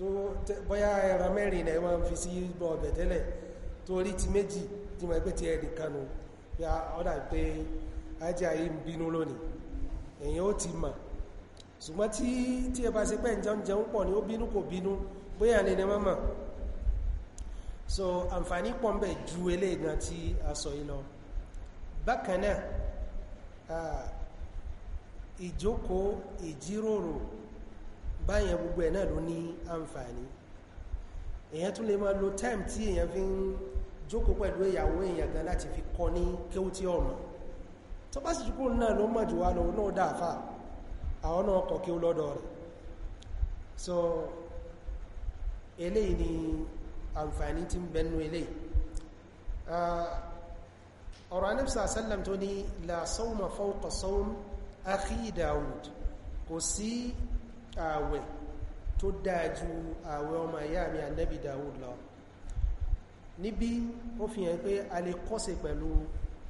tó bóyá ẹran mẹ́rin ilẹ̀ wọ́n fi sí ọbẹ̀ tẹ́lẹ̀ torí ti méjì tí wọ́n pẹ́ ti ẹ̀ kanu nù a ọ́dà pé ajé ayé ń bínú lónìí èyàn ó ti mà ṣùgbọ́n tí tí ẹ bá ṣe pẹ́ jẹun pọ̀ ó bínú kò bínú bóyá ní ní mọ́mọ́ so àǹfààní pọ̀ ń bẹ̀ ju eléègan báyẹn gbogbo ẹ̀ náà ló ní àǹfààní èyàn tún lè máa lo time tí èyàn fi ń jókòó pẹ̀lú ìyàwó èyàn gan láti fi kọ́ ní kéwú tí ọ̀nà tó bá sì jùkú náà ló mọ̀ jù wá lọ náà dáàfà àwọn náà kọ̀ kí ó lọ́dọ̀ rẹ̀ so eléyìí ni àǹfààní tí ń bẹnu eléyìí ọ̀rọ̀ anẹ́bìsà sálàm tó ní la sawma fawqa sawm akhi Dawud kò sí ààwẹ̀ tó dáa ju ààwẹ̀ ọmọ ìyá mi ànábì Dawud lọ níbí ó fi hàn pé a lè kọ́ṣe pẹ̀lú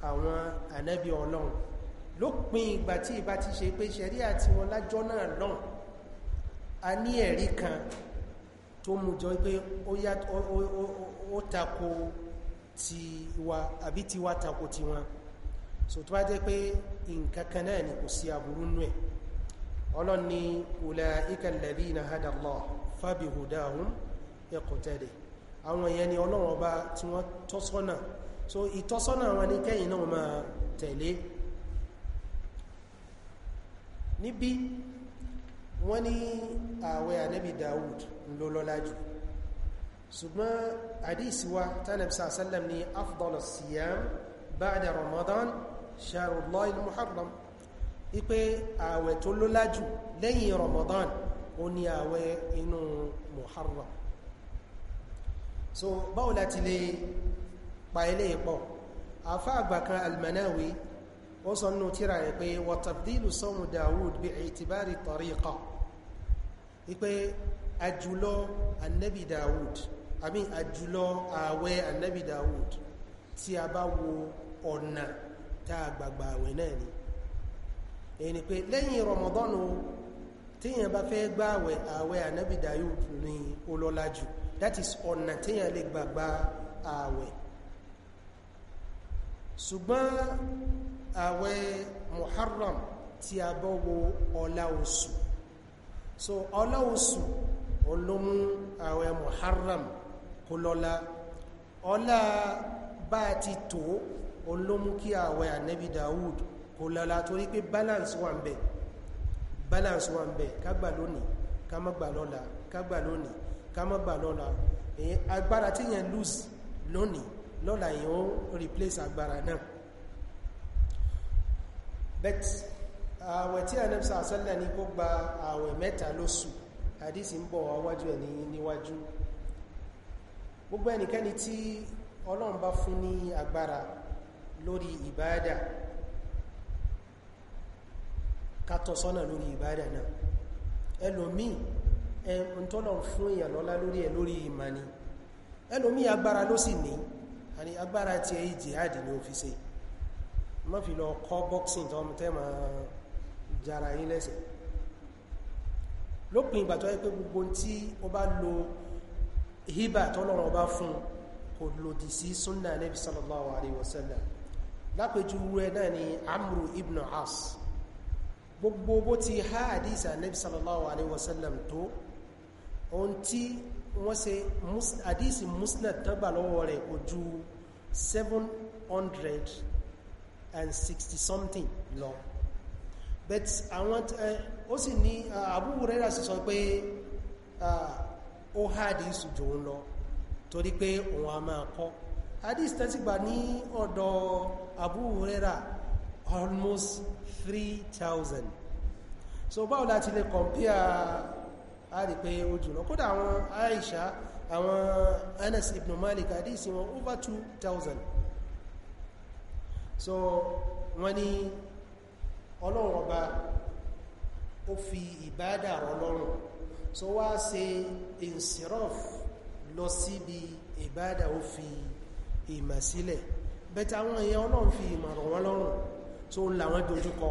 àwọn ànábì ọlọ́run lópin ìgbà tí ìbá ti ṣe pé ṣẹ̀rí àti wọn lájọ́ náà lọ́n a ní ẹ̀rí kan tó mú jọ pé ó tako ti wa àbí ti wa tako ti so tó bá jẹ́ pé nǹkan kan náà ni kò sí aburú nú ẹ̀ ọlọ́ni ulaika alladhina hada Allah fabi hudahum iqtadi àwọn èèyàn ni ọlọ́run ọba tí wọ́n tọ́sọ́nà so ìtọ́sọ́nà wọn ní kẹ́yìn náà máa tẹ̀lé níbi wọ́n ní ààwẹ̀ ànábì Dawud ló lọ́lá jù ṣùgbọ́n àdísí wa tánàbí sàásálàm ní afdalus siyam ipe ààwẹ̀ tó lọ́lá jù lẹ́yìn Ramadan ó ní ààwẹ̀ inú Muharram so báwo láti lè pa ilé ìpọ̀ àfá àgbà kan Al-Manawi ó sọ nínú tírà rẹ̀ pé wa tabdilu sawmu Dawud bi'itibari tariqa ipe àjùlọ annabi Dawud àbí àjùlọ ààwẹ̀ annabi Dawud tí a bá wo ọ̀nà tá àgbàgbà ààwẹ̀ náà ni èyí ni pé lẹ́yìn Ramadan tíyàn bá fẹ́ gba àwẹ̀ àwẹ̀ ànábì Dayud ní olọ́lá jù that is ọ̀nà tíyàn lè gbàgbà àwẹ̀ ṣùgbọ́n àwẹ̀ Muharram tí a bọ́ ọlá oṣù so ọlá oṣù olómú àwẹ̀ Muharram kó lọ́lá ọlá bá ti tó olómú kí àwẹ̀ ànábì Dayud kò lọ́la torí pé balance wà ń bẹ̀ balance wà ń bẹ̀ ká gbà lónìí ká má gbà lọ́la ká gbà lónìí ká lọ́la èyí agbára tí yẹn lose lónìí lọ́la yẹn ó replace agbára náà bet ààwẹ̀ tí anẹ́bísà àṣẹ́lẹ̀ ní kó gba ààwẹ̀ mẹ́ta lóṣù àdísì ń bọ̀ wájú ẹ̀ níwájú gbogbo ẹnikẹ́ni tí ọlọ́run bá fún ní agbára lórí ìbáadà kátọ̀ sọ́nà lórí ìbádà náà ẹlòmíì ẹn tọ́lọ̀ fún èèyàn lọ́lá lórí ẹ lórí ìmání ẹlòmíì agbára ló sì ní àní agbára ti ẹ jihad ní ó fi ṣe má fi lọ kọ́ boxing tó tẹ́ jara yín lẹ́sẹ̀ lópin ìgbà tó yẹ pé gbogbo tí ó bá lo hiba tọ́lọ̀rọ̀ bá fún kò lòdì sí sunna nabi sallallahu alaihi wasallam lápẹjú rẹ náà ni amru ibn as gbogbo bó ti há àdísà ànábì sallallahu alaihi wasallam tó ohun tí wọ́n ṣe àdísì musnad tọ́gbà lọ́wọ́ rẹ̀ ojú 760 something lọ but àwọn ó sì ní Abu Hurairah sì sọ pé ó há àdísì jù ń lọ torí pé òun a máa kọ́ àdísì tẹ́sígbà ní ọ̀dọ̀ Abu Hurairah almost three thousand. so báwo láti lè kọ̀mpíà a rí pé ó jùlọ kódà àwọn Aisha àwọn Anas ibn Malik àdísí wọn over thousand. so wọ́n ní ọlọ́run ọba ó fi ìbádà ọlọ́run so wá ṣe insirof lọ síbi ìbádà ó fi ìmà sílẹ̀ bẹ́ta àwọn èèyàn ọlọ́run fi ìmọ̀ rọ̀ wọ́n lọ́rùn tó làwọn dojúkọ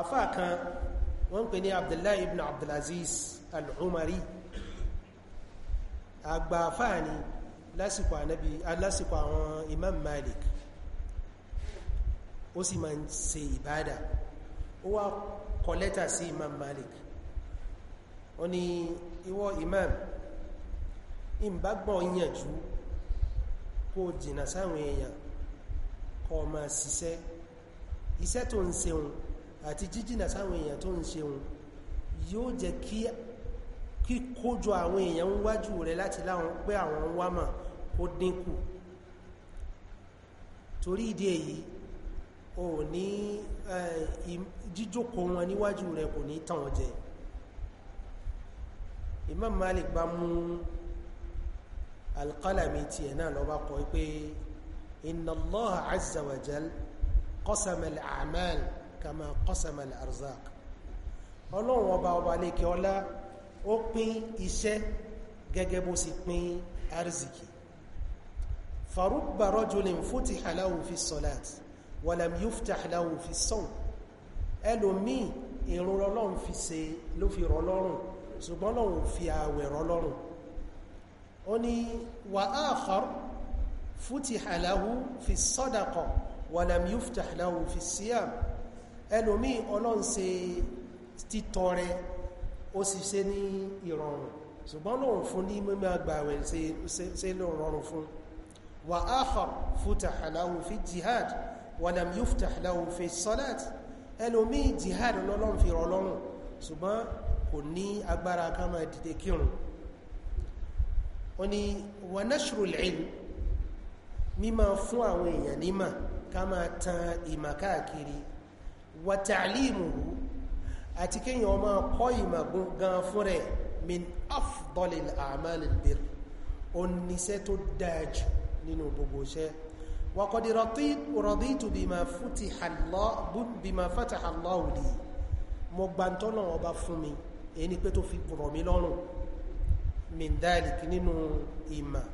àfáà kan wọ́n pè ní abdullahi ibn abdulaziz al-umari àgbà àfáà ni lásìkò ànábì lásìkò àwọn imam malik ó sì máa ń ṣe ìbádà ó wá kọ lẹ́tà sí imam malik ó ní ìwọ imam ìbágbọ̀n yànjú kó jìnà sáwọn èèyàn kọ́ ma ṣiṣẹ́ iṣẹ́ tó ń ṣeun àti jíjìnà sáwọn èèyàn tó ń ṣeun yóò jẹ́ kí kíkójọ àwọn èèyàn ń wájú rẹ̀ láti láwọn pé àwọn ń wá mà kó dínkù torí ìdí èyí o ní jíjókòó wọn níwájú rẹ̀ kò ní tàn jẹ Imam Malik bá mú alqalami tiẹ̀ náà lọ bá kọ pé إن الله عز وجل قسم الأعمال كما قسم الأرزاق ọlọ́run ọba ọba lékẹ ọlá ó pín iṣẹ́ gẹ́gẹ́ bó sì pín arziki farubba rajulin futiha lahu fi salat walam yuftah lahu fi sawm ẹlòmíì ìrun ọlọ́run fi ṣe ló fi rọ lọ́rùn ṣùgbọ́n lọ́run fi ààwẹ̀ rọ lọ́rùn ó ní wa akhar futiha lahu fi sadaqa walam yuftah lahu fi siyam ẹlòmí ọlọ́n ṣe títọrẹ ó sì ṣe ní ìrọ̀rùn ṣùgbọ́n lóòrùn fún ní mímọ̀ àgbàwẹ̀ ṣe lóòrùn rọrùn fún wa akhar futiha lahu fi jihad walam yuftah lahu fi salat ẹlòmí jihad lọ́lọ́n fi rọlọ́rùn ṣùgbọ́n kò ní agbára ká máa dìde kírun ó ní wa nashrul ilm mímọ̀ fún àwọn èèyàn nímọ̀ ká máa tan ìmọ̀ káàkiri wa ta'limuhu àti kéèyàn máa kọ́ ìmọ̀ gan fún rẹ̀ min afdalil a'malil birr oníṣẹ́ tó dájú nínú gbogbo iṣẹ́ wa qad raditu bima futiha Allah bima fataha Allah li mo ọba fún mi èyí ni pé tó fi rọ̀ mí lọ́rùn min dhalik nínú ìmọ̀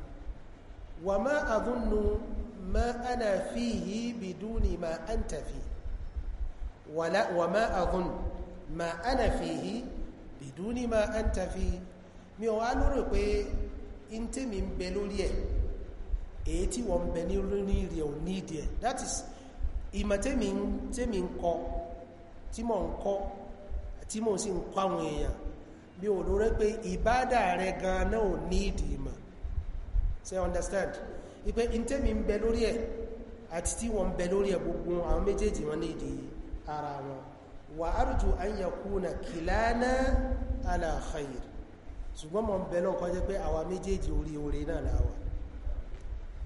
وما أظن ما أنا فيه بدون ما أنت فيه ولا وما أظن ما أنا فيه بدون ما أنت فيه mi ò wá lórí pé in tèmi ń bẹ lórí ẹ̀ èyí tí wọ́n ń bẹ ní lórí rẹ̀ ò ní ìdí ẹ̀ that is ìmọ̀ tèmi tèmi ń kọ tí mò ń kọ tí mò sì ń kọ àwọn èèyàn mi ò lórí pé ìbádà rẹ̀ gan náà ò ní ìdí ìmọ̀ say understand ipe intemi ń bẹ lórí ẹ̀ e, àti tí wọ́n ń bẹ lórí ẹ̀ e, gbogbo àwọn méjèèjì wọ́n ní ìdí ara wọn wa arju an yakuna kilana ala khair ṣùgbọ́n mọ̀ ń bẹ kọjẹ́ pé àwa méjèèjì orí oore náà láwà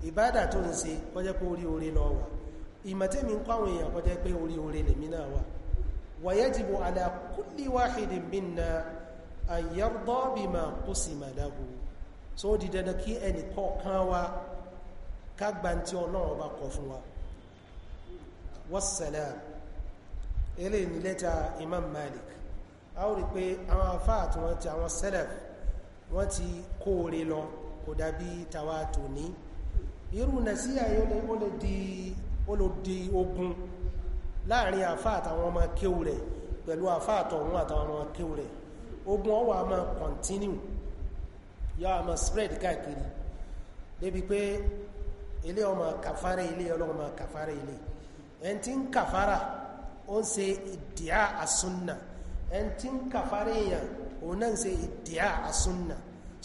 ìbádà tó ń ṣe kọjẹ́ pé orí oore lọ wà ìmọ̀tẹ́mi ń kọ́wọ̀n èèyàn kọjẹ́ pé orí oore lèmi náà wà wa yajibu ala kulli wahidin minna an yarda bima qusima lahu so ó di dandan kí ẹnì kọ̀ọ̀kan wa ká gba ti ọlọ́run ọba kọ fún wa wassalam eléyìí ni lẹ́tà imam malik a ó rí pé àwọn afáà tí wọ́n ti àwọn salaf wọ́n ti kóore lọ kò dàbí tàwa tòní irú nàṣíyà yìí ó di ó lè di ogun láàrin àfá àtàwọn ọmọ kéwù rẹ̀ pẹ̀lú àfá àtọ̀hún àtàwọn ọmọ kéwù rẹ̀ ogun ọwà máa continue yọ àmọ́ spread káàkiri débi pé ilé ọmọ kàfàrà ilé ọlọ́mọ kàfàrà ilé ẹn tí ń kàfàrà ó ń ṣe ìdíà àsúnnà ẹn tí ń kàfàrà èèyàn òun náà ń ṣe ìdíà àsúnnà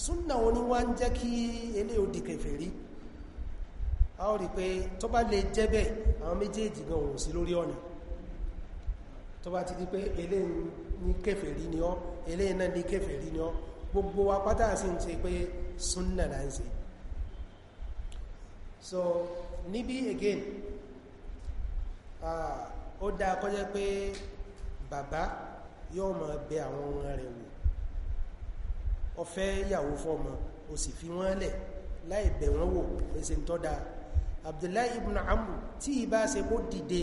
súnnà òun ni wá ń jẹ́ kí ilé òdì kèfèrí a ó rí pé tó bá lè jẹ́ bẹ́ẹ̀ àwọn méjèèjì gan òun sí lórí ọ̀nà tó bá ti di pé eléyìí ní kèfèrí ni ọ́ eléyìí náà ní kèfèrí ni ọ́ gbogbo wa pátá sí ń ṣe pé súnnà náà ń ṣe so níbi again ó dáa kó jẹ́ pé bàbá yóò máa bẹ àwọn ọmọ rẹ̀ wò ó fẹ́ yàwó fọ́mọ ó sì fi wọ́n lẹ̀ láì bẹ̀ wọ́n wò pèsè tó dáa Abdullahi ibn Amru tí ìbá ṣe kó dìde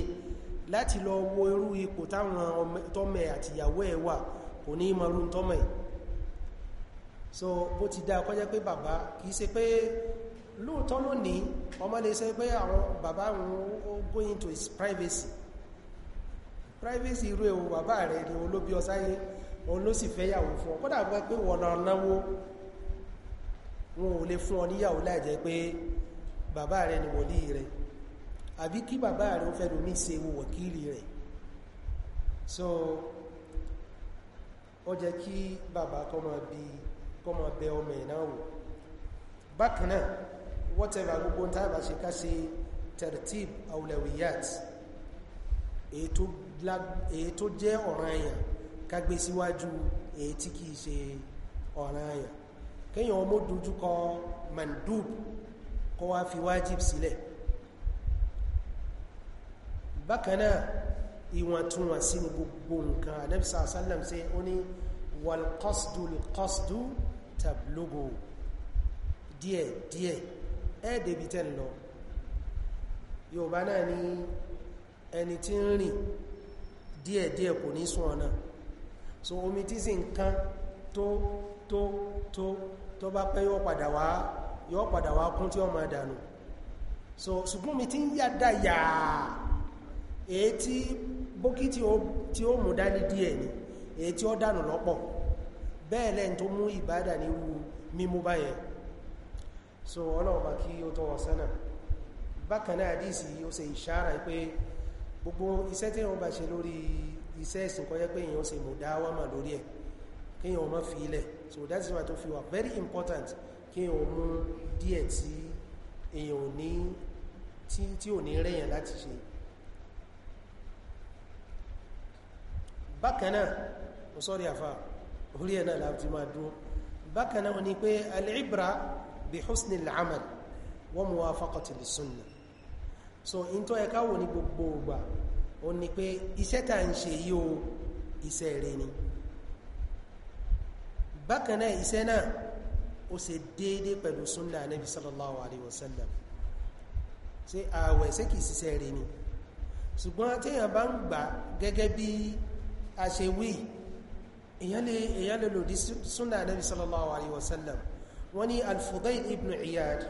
láti lọ wo irú ipò táwọn tọ́mẹ àtìyàwó ẹ̀ wà kò ní ìmọ̀rún tọ́mẹ so bó ti dá kọjá pé bàbá kìí ṣe pé lóòótọ́ lónìí ọmọ lè ṣe pé àwọn bàbá òun ó go into his privacy privacy irú ewu bàbá rẹ̀ ni olóbi ọsáyé òun ló sì fẹ́ yàwó fún ọ kódà gbọ́ pé wọ̀nà náwó wọn ò lè fún ọ níyàwó láìjẹ́ pé bàbá rẹ̀ ni wòlí rẹ̀ àbí kí bàbá rẹ̀ ó fẹ́nu mí ṣe wò wọ̀kílì rẹ̀ so ó jẹ́ kí bàbá kọ́ máa bíi kọ́ mọ̀ bẹ ọmọ ẹ̀ náà wò bákan náà whatever gbogbo tá a bá ṣe ká ṣe tertib awlawiyat èyí tó jẹ́ ọ̀ràn àyàn ká gbé síwájú èyí tí kìí ṣe ọ̀ràn àyàn kéèyàn ọmọ dojúkọ mandub kó wá fi wájib sílẹ̀ bákan náà ni gbogbo nǹkan anẹ́bísà sálàm sí ó ní wal tablugu díẹ̀ díẹ̀ ẹ débi tẹ́ ń lọ yorùbá náà ni ẹni tí ń rìn díẹ̀ díẹ̀ kò ní sún ọ̀nà so omi tí sì ń kán tó tó tó tó bá pẹ́ yóò padà wá yóò padà wá kún tí ó máa dànù so ṣùgbọ́n mi tí ń yá dáyà èyí tí bókí tí ó mú dání díẹ̀ ni èyí tí ó dànù lọ́pọ̀ bẹ́ẹ̀ lẹ́n tó mú ìbádà ní irú mímú báyẹn so ọlọ́ọ̀bá kí ó tọ́ ọ̀sánà bákanáà àdísì ó ṣe ìṣára pé gbogbo iṣẹ́ tí wọ́n bá ṣe lórí iṣẹ́ ìsìn kọ́ jẹ́ pé èèyàn ṣe mọ̀ dáwàmà lórí ẹ̀ kí èèyàn má fi ilẹ̀ so that's why tó fi wà very important kí èèyàn mú díẹ̀ tí èèyàn ní tí ò ní rẹ̀yàn láti ṣe bákanáà mo oh, sọ́rí àfáà orí ẹ̀ náà la ti máa dúró bákan náà ni pé al-ibra bi husni al-amal wa muwafaqati lis-sunnah so in tó ẹka wò ní gbogbo ìgbà ó ní pé iṣẹ́ tá ń ṣe yìí o iṣẹ́ rẹ̀ ni bákan náà iṣẹ́ náà ó ṣe déédé pẹ̀lú sunnah Nabi sallallahu alaihi wasallam èyàn lè èyàn lè lòdì súnà anábi sallallahu alayhi wa sallam wọ́n ní al-Fudayl ibn Iyad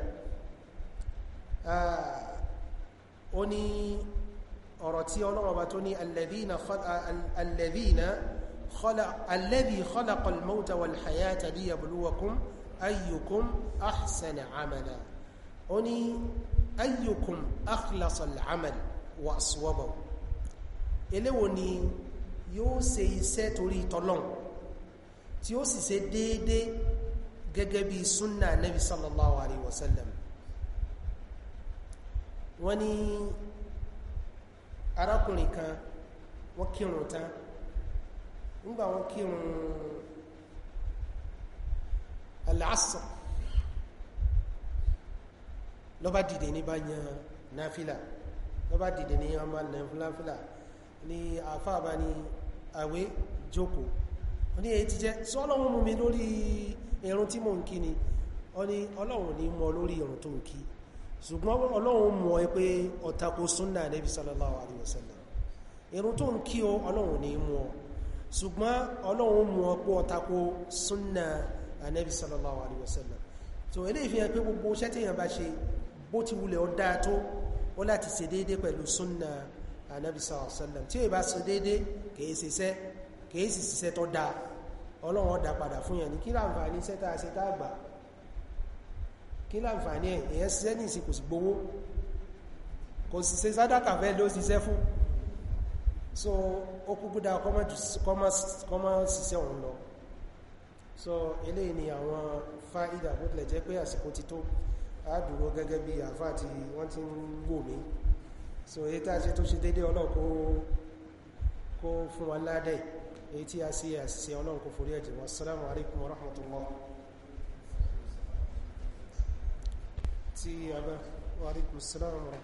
ó ní ọ̀rọ̀ tí ọlọ́wọ́ba tó ní alladhina alladhi khalaqa al-mawta wal hayata liyabluwakum ayyukum ahsana amala ó ní ayyukum akhlasa amal wa aswabahu eléwo ni yóò ṣe iṣẹ́ torí tọ́lọ́n tí ó sì ṣe déédé gẹ́gẹ́ bí súnnà nabi sallallahu alaihi wasallam wọ́n ní arákùnrin kan wọ́n kírun tán nígbà wọ́n kírun al-asr ló bá dìde ní bá yan náfílà ló bá dìde ní ọmọ náfílà ní àfáàbá ní àwé jókòó ní èyí ti jẹ́ sí ọlọ́run mú mi lórí irun tí mò ń kí ni ọ ni ọlọ́run ní mọ lórí irun tó ń kí ṣùgbọ́n ọlọ́run mọ̀ ẹ pé ọ̀tako súnnà nẹ́bí sallallahu alaihi wasallam irun tó ń kí o ọlọ́run ní mọ̀ ṣùgbọ́n ọlọ́run mọ̀ pé ọ̀tako súnnà nẹ́bí sallallahu alaihi wasallam so eléyìí fi hàn pé gbogbo iṣẹ́ téèyàn bá ṣe kìí sì ṣiṣẹ́ tó dáa ọlọ́run ọ̀dà padà fún yẹn ní kí láǹfààní iṣẹ́ tá a ṣe tá a gbà kí láǹfààní ẹ̀ èyàn ṣiṣẹ́ ní ìsìn kò gbowó kò sì ṣe sádàkà fẹ́ ló ṣiṣẹ́ fún so ó kúkú dá kọ́mọ́ ṣiṣẹ́ òun lọ so eléyìí ni àwọn fáìdà bó tilẹ̀ jẹ́ pé àsìkò ti tó so èyí tá a ṣe tó kó fún wa ládẹ́ẹ̀ èyí tí a sí àṣìṣe ọlọ́run kò forí ẹ̀jẹ̀ wọn assalamu alaikum wa rahmatullah tí a bá wa alaikum assalamu wa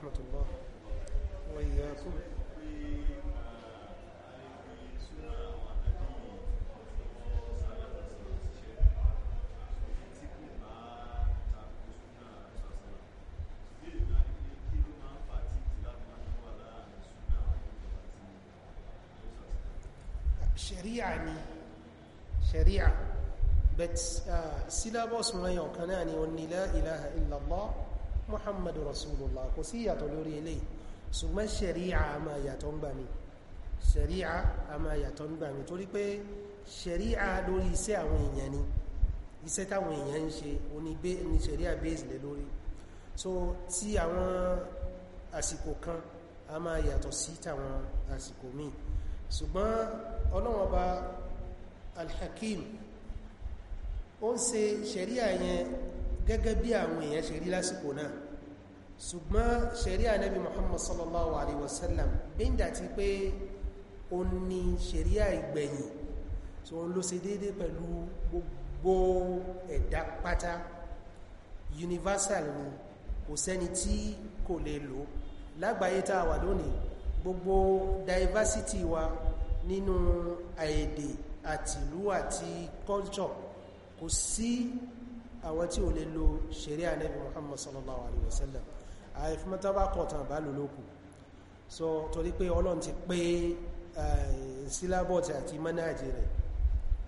ṣẹ̀ríà ni ṣẹ̀ríà but uh, syllabus wọn yàn kan náà ni o ní la ilaha illallah muhammadu rasulullah kò sí yàtọ̀ lórí ilé ṣùgbọ́n ṣẹ̀ríà a máa yàtọ̀ ń gbà mí ṣẹ̀ríà a máa yàtọ̀ ń gbà mí torí pé ṣẹ̀ríà lórí iṣẹ́ àwọn èèyàn ni iṣẹ́ táwọn èèyàn ń base lé lórí so tí àwọn àsìkò kan a máa yàtọ̀ sí tàwọn àsìkò ṣùgbọ́n ọlọ́wọ́n ọba alhakim ó ń ṣe ṣẹ̀ríà yẹn gẹ́gẹ́ bí àwọn èèyàn ṣe rí lásìkò náà ṣùgbọ́n ṣẹ̀ríà Ànábì Muhammad sallallahu alaihi wasallam gbíndà ti pé ó ní ṣẹ̀ríà ìgbẹ̀yìn so ó ló ṣe déédé pẹ̀lú gbogbo ẹ̀dá pátá universal ni kò sẹ́ni tí kò lè lò lágbàáyé tá lónìí gbogbo diversity wa nínú èdè àtìlú àti culture kò sí àwọn tí ò lè lo sharia Ànábì Muhammad sallallahu alaihi wasallam àìfimọ́ta bá kọ̀tàn bá lò lókù so torí pé ọlọ́run ti pé eh, sílábọ̀tì àti mọ́nájì rẹ̀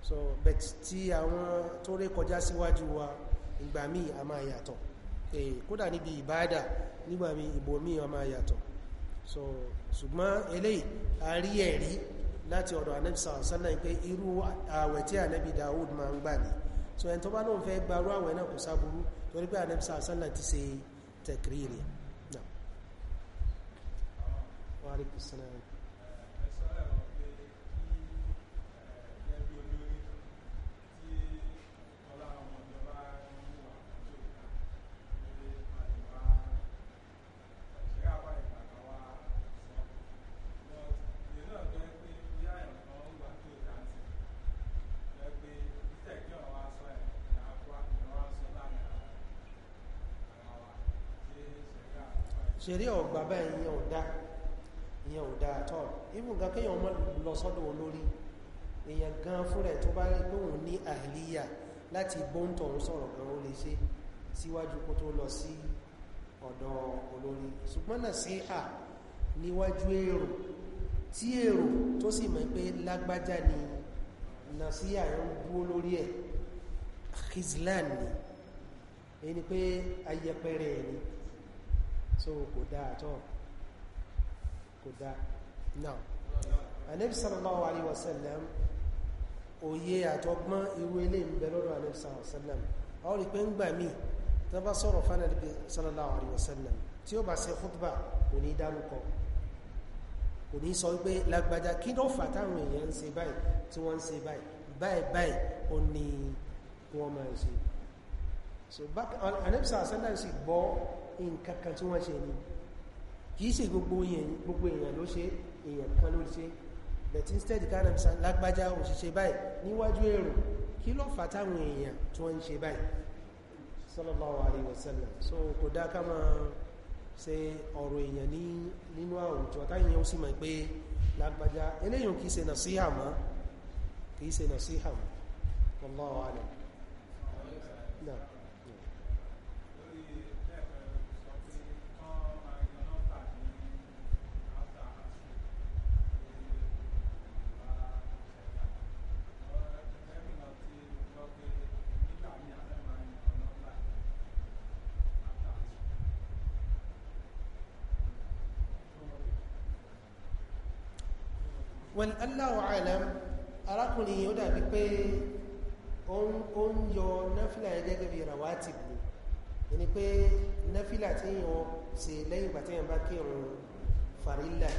so bet tí àwọn tó rí kọjá síwájú wa ìgbà míì a máa yàtọ̀ eh, kódà níbi ìbáadà nígbà míì a máa yàtọ̀ so ṣùgbọ́n eléyìí a rí ẹ̀rí láti ọ̀dọ̀ Ànábì sàásánà pé irú àwẹ̀ tí Ànábì Dawud máa ń gbà ní so ẹni tó bá lóun fẹ́ gbarú àwẹ̀ náà kò sáburú torí pé Ànábì sàásánà ti ṣe tẹ̀kìrì rẹ̀ náà wàhálà kìsànà rẹ̀ ṣeré ọ̀gbà báyìí ìyẹn ò dá ìyẹn ò dá àtọ́ ibùn gan kéèyàn ọmọ lọ sọ́dọ̀ olórí èèyàn gan fúnra ẹ̀ tó bá rí pé òun ní àìlíyà láti bóńtọ̀ òun sọ̀rọ̀ gan ó lè ṣe síwájú kó tó lọ sí ọ̀dọ̀ olórí ṣùgbọ́n náà sí à níwájú èrò tí èrò tó sì mọ̀ pé lágbájá ni nàṣíyà ń dúó lórí ẹ̀ Khizlan ni ẹni pé ayẹpẹrẹ ẹ̀ ni so kò dá àtọ́ kò dá náà anabi sallallahu alayhi wa sallam òye àtọgbọ́n irú ilé ń bẹ lọ́dọ̀ anabi sallallahu alayhi wa sallam ọ rí pé ń gbà mí tó bá sọ̀rọ̀ fún anabi sallallahu alayhi wa sallam tí ó bá ṣe khutba kò ní dárúkọ kò ní sọ wípé lágbájá kí ló fà táwọn èèyàn ń ṣe báyìí tí wọ́n nǹkan tí wọ́n ṣe ni kìí ṣe gbogbo èèyàn ló ṣe èèyàn kan ló ṣe but instead kánà lágbájá òṣìṣẹ́ báyìí níwájú èrò kí ló fà táwọn èèyàn tí wọ́n ń ṣe báyìí sallallahu alaihi so kò dá ká máa ṣe ọ̀rọ̀ èèyàn ní nínú àwùjọ táyìn ó sì mọ̀ pé lágbájá eléyìn kìí ṣe nasiha mọ́ kìí ṣe nasiha mọ́ wallahu alam wọn aláwọ̀ alam arákùnrin yìí ó dàbí pé ó ń yọ náfìlà yẹn gẹ́gẹ́ bí rawatib ẹni pé náfìlà tí yàn ṣe lẹ́yìn ìgbà tí yàn bá kírun farilla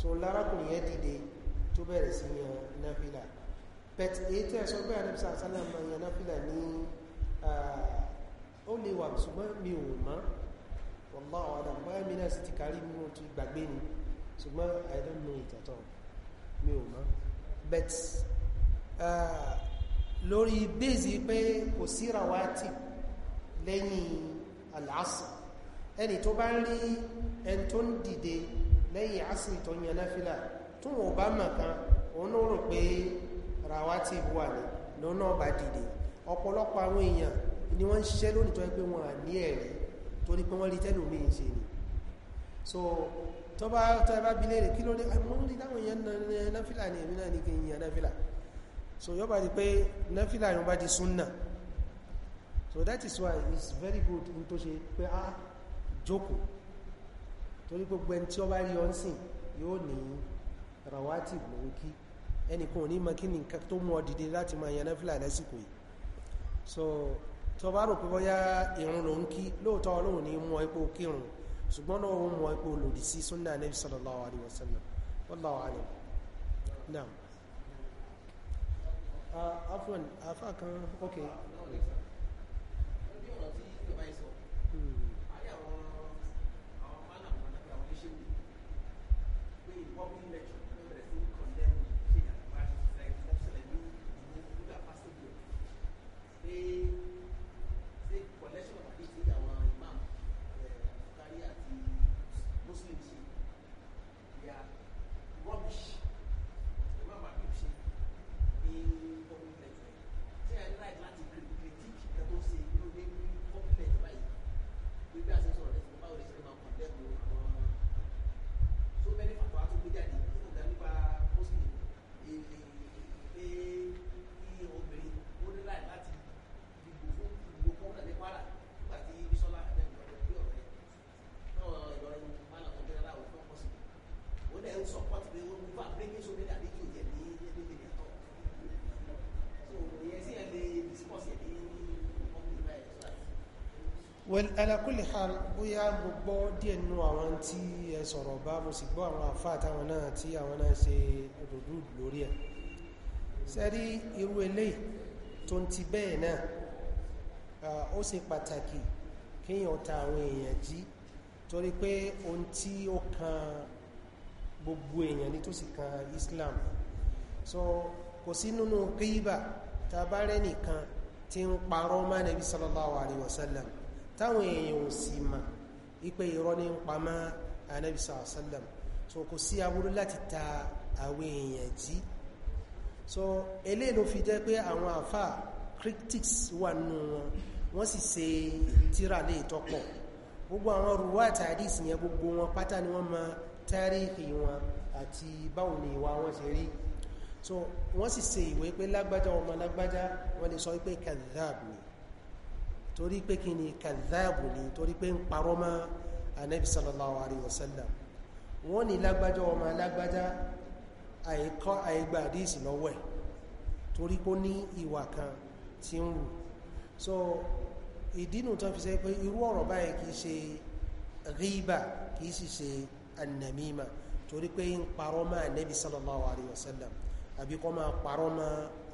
tó lárákùnrin yẹn dìde tó bẹ̀rẹ̀ sí yàn náfìlà pẹ̀t èyí tẹ́ sọ pé àdébísà sálà máa yàn náfìlà ní ó lè wà ṣùgbọ́n mi ò mọ̀ mi ò mọ̀ bet uh, lórí bèèzì pé kò sí rawati lẹ́yìn aláàsì ẹni tó bá rí ẹni tó ń dìde lẹ́yìn asì tó yẹn náfílà tó wọ́n bá mọ̀ kan òun ó rò pé rawati wà ní lọ́nà ọba dìde ọ̀pọ̀lọpọ̀ àwọn èèyàn ni wọ́n ń ṣiṣẹ́ lónìí tó ẹgbẹ́ wọn à ní ẹ̀rí torí pé wọ́n rí tẹ́lùmí ṣe ni so tó bá tó bá bilé rẹ̀ kí ló dé àmúrí táwọn èèyàn náfílà ní èmi náà ní kí n yàn náfílà so yọ́ bá di pé náfílà yọ́ bá di súnnà so that is why it's very good In tó ṣe pé a ah, jókòó torí gbogbo ẹni tí ó bá rí ọ́n sìn yóò ní rawati gbòókí ẹnìkan ò ní mọ kí ni nǹkan tó mú ọ dìde láti máa yan náfílà lásìkò yìí so tó bá rò pé bóyá ìrun ló ń kí lóòótọ́ ọlọ́run ní mú ọ ipò kírun ṣùgbọ́n náà wọ́n mọ̀ ipò lòdì sí súnnà Nabi sallallahu alaihi wasallam wallahu alim naam afwan afa kan okay Thank you. well ala kulli hal bóyá gbogbo díẹ̀ nínú àwọn tí ẹ sọ̀rọ̀ bá mo sì gbọ́ àwọn àfáà táwọn náà tí àwọn náà ṣe ròdú lórí ẹ̀ sẹ́rí irú eléyìí tó ń ti bẹ́ẹ̀ náà ó ṣe pàtàkì kéèyàn ta àwọn èèyàn jí torí pé ohun tí ó kan gbogbo èèyàn ní tó sì kan Islam so kò sí nínú kíbà tabarẹ́ nìkan tí ń parọ́ mọ́ Nabi sallallahu alaihi wasallam táwọn èèyàn ò sì mọ̀ wípé irọ́ ní pamọ́ anabi sallam so kò sí aburú láti ta àwọn èèyàn jí so eléyìí ló fi jẹ́ pé àwọn àfà critics wà nù wọn wọ́n sì ṣe tíra lè tọ́pọ̀ gbogbo àwọn ruwa àti hadith yẹn gbogbo wọn pátá ni wọ́n mọ tárìkì wọn àti báwo ni ìwà wọn ṣe rí so wọ́n sì ṣe ìwé pé lágbájá ọmọ lágbájá wọ́n lè sọ wípé kadhab ni torí pé kí ni kàdáàbù ni torí pé ń parọ́ mọ́ anabi sallallahu alayhi wa sallam wọ́n ní lágbájá ọmọ alágbájá àìkọ́ àìgbà àdíìsì lọ́wọ́ ẹ̀ torí pé ní ìwà kan tí ń wù so ìdínú tó fi sẹ́ pé irú ọ̀rọ̀ báyìí kìí ṣe ríbà kìí sì ṣe annamima torí pé ń parọ́ mọ́ anabi sallallahu alayhi máa parọ́ mọ́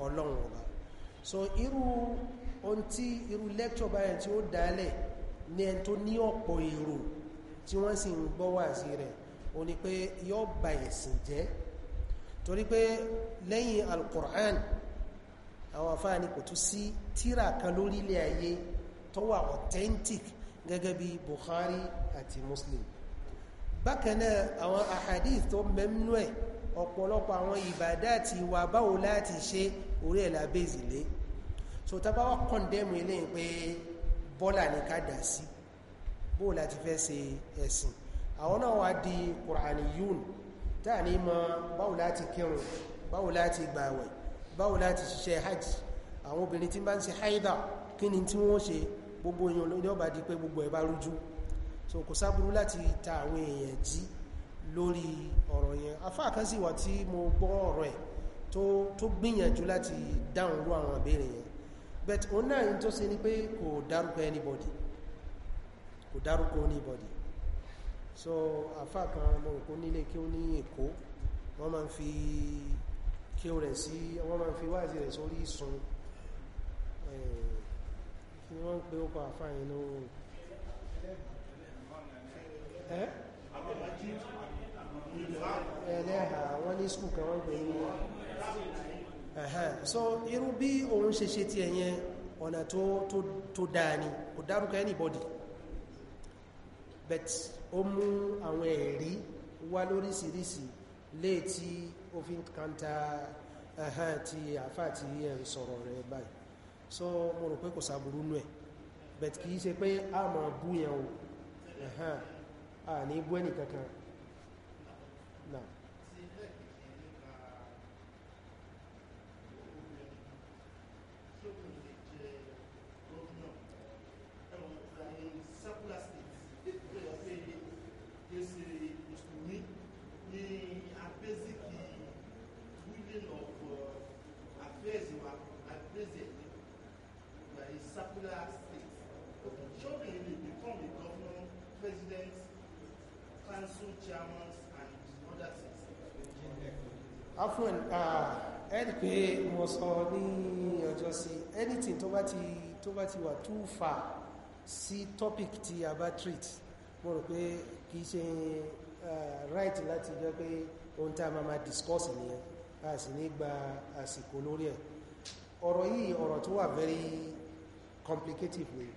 ọlọ́run ọba so irú ohun tí irú lecture báyẹn tí ó dálẹ̀ ní ẹni tó ní ọ̀pọ̀ èrò tí wọ́n sì ń gbọ́ wáàsí rẹ̀ ó ní pé yọ́ bà ẹ̀sìn jẹ́ torí pé lẹ́yìn al-Qur'an àwọn afáà ni kò tún sí tírà kan lórílẹ̀ ayé tó wà authentic gẹ́gẹ́ bí Bukhari àti Muslim bákanáà àwọn ahadith tó mẹ́mnú ẹ̀ ọ̀pọ̀lọpọ̀ àwọn ìbádà ti wà báwo láti ṣe orí ẹ̀lá bèzìlé so tàbá wá kọ́ndẹ̀mù ilé pé bọ́là ní ká dà sí bóò láti fẹ́ ṣe ẹ̀sìn àwọn náà wá di Qur'aniyun táà ní mọ̀ báwo láti kírun báwo láti gbàwẹ̀ báwo láti ṣiṣẹ́ hajj àwọn obìnrin tí bá ń ṣe haida kí ni tí wọ́n ṣe gbogbo èèyàn ló bá di pé gbogbo ẹ̀ bá rújú so kò sáburú láti ta àwọn èèyàn jí lórí ọ̀rọ̀ yẹn afáà kan tí mo gbọ́ ọ̀rọ̀ ẹ̀ tó gbìyànjú láti dáhùn rú àwọn ìbéèrè yẹn but òun náà yìí tó ṣe ni pé kò dárúkọ anybody kò dárúkọ anybody so àfà kan mo rò kó nílé kí ó ní èkó wọ́n máa ń fi kí ó rẹ̀ sí wọ́n máa ń fi wáàzì rẹ̀ sórí ìsun kí wọ́n ń pe ókọ̀ àfà yìí ló ẹ́ ẹ̀lẹ́hà wọ́n ní skul kan wọ́n pè ní so irú bí òun ṣe ṣe ti ẹ̀yẹn ọ̀nà tó tó tó dáa ni kò dárúkọ anybody but ó mú àwọn ẹ̀rí wá lóríṣiríṣi léètí òfin kanta ti àfà àti sọ̀rọ̀ rẹ̀ báyìí so mo rò pé kò sáburú nú ẹ̀ but kìí ṣe pé a máa bú yẹn o àní bú ẹnì kankan afron ẹni pé mo sọ ní ọjọ́ sí anything tó bá ti tó bá ti wà too far sí topic tí a bá treat mo rò pé kìí ṣe right láti jẹ́ pé ohun tí a máa máa discuss nìyẹn a sì ní gba àsìkò lórí ẹ̀ ọ̀rọ̀ yìí ọ̀rọ̀ tó wà very complicated way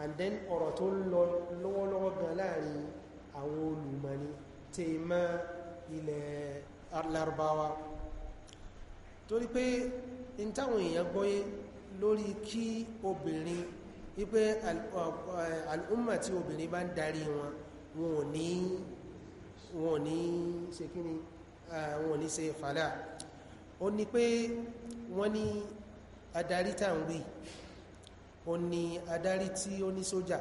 and then ọ̀rọ̀ tó ń lọ lọ́wọ́lọ́wọ́ gan láàrin àwọn olùmọ̀ni tèèmọ́ ilẹ̀ lárúbáwá torí pé in táwọn èèyàn gbọ́yé lórí kí obìnrin wípé al'umma tí obìnrin bá ń darí wọn wọn ò ní wọn ò ní ni wọn ò ní ṣe fàdá ó ní pé wọ́n ní adarí tàǹwì ó ní adarí tí ó ní sójà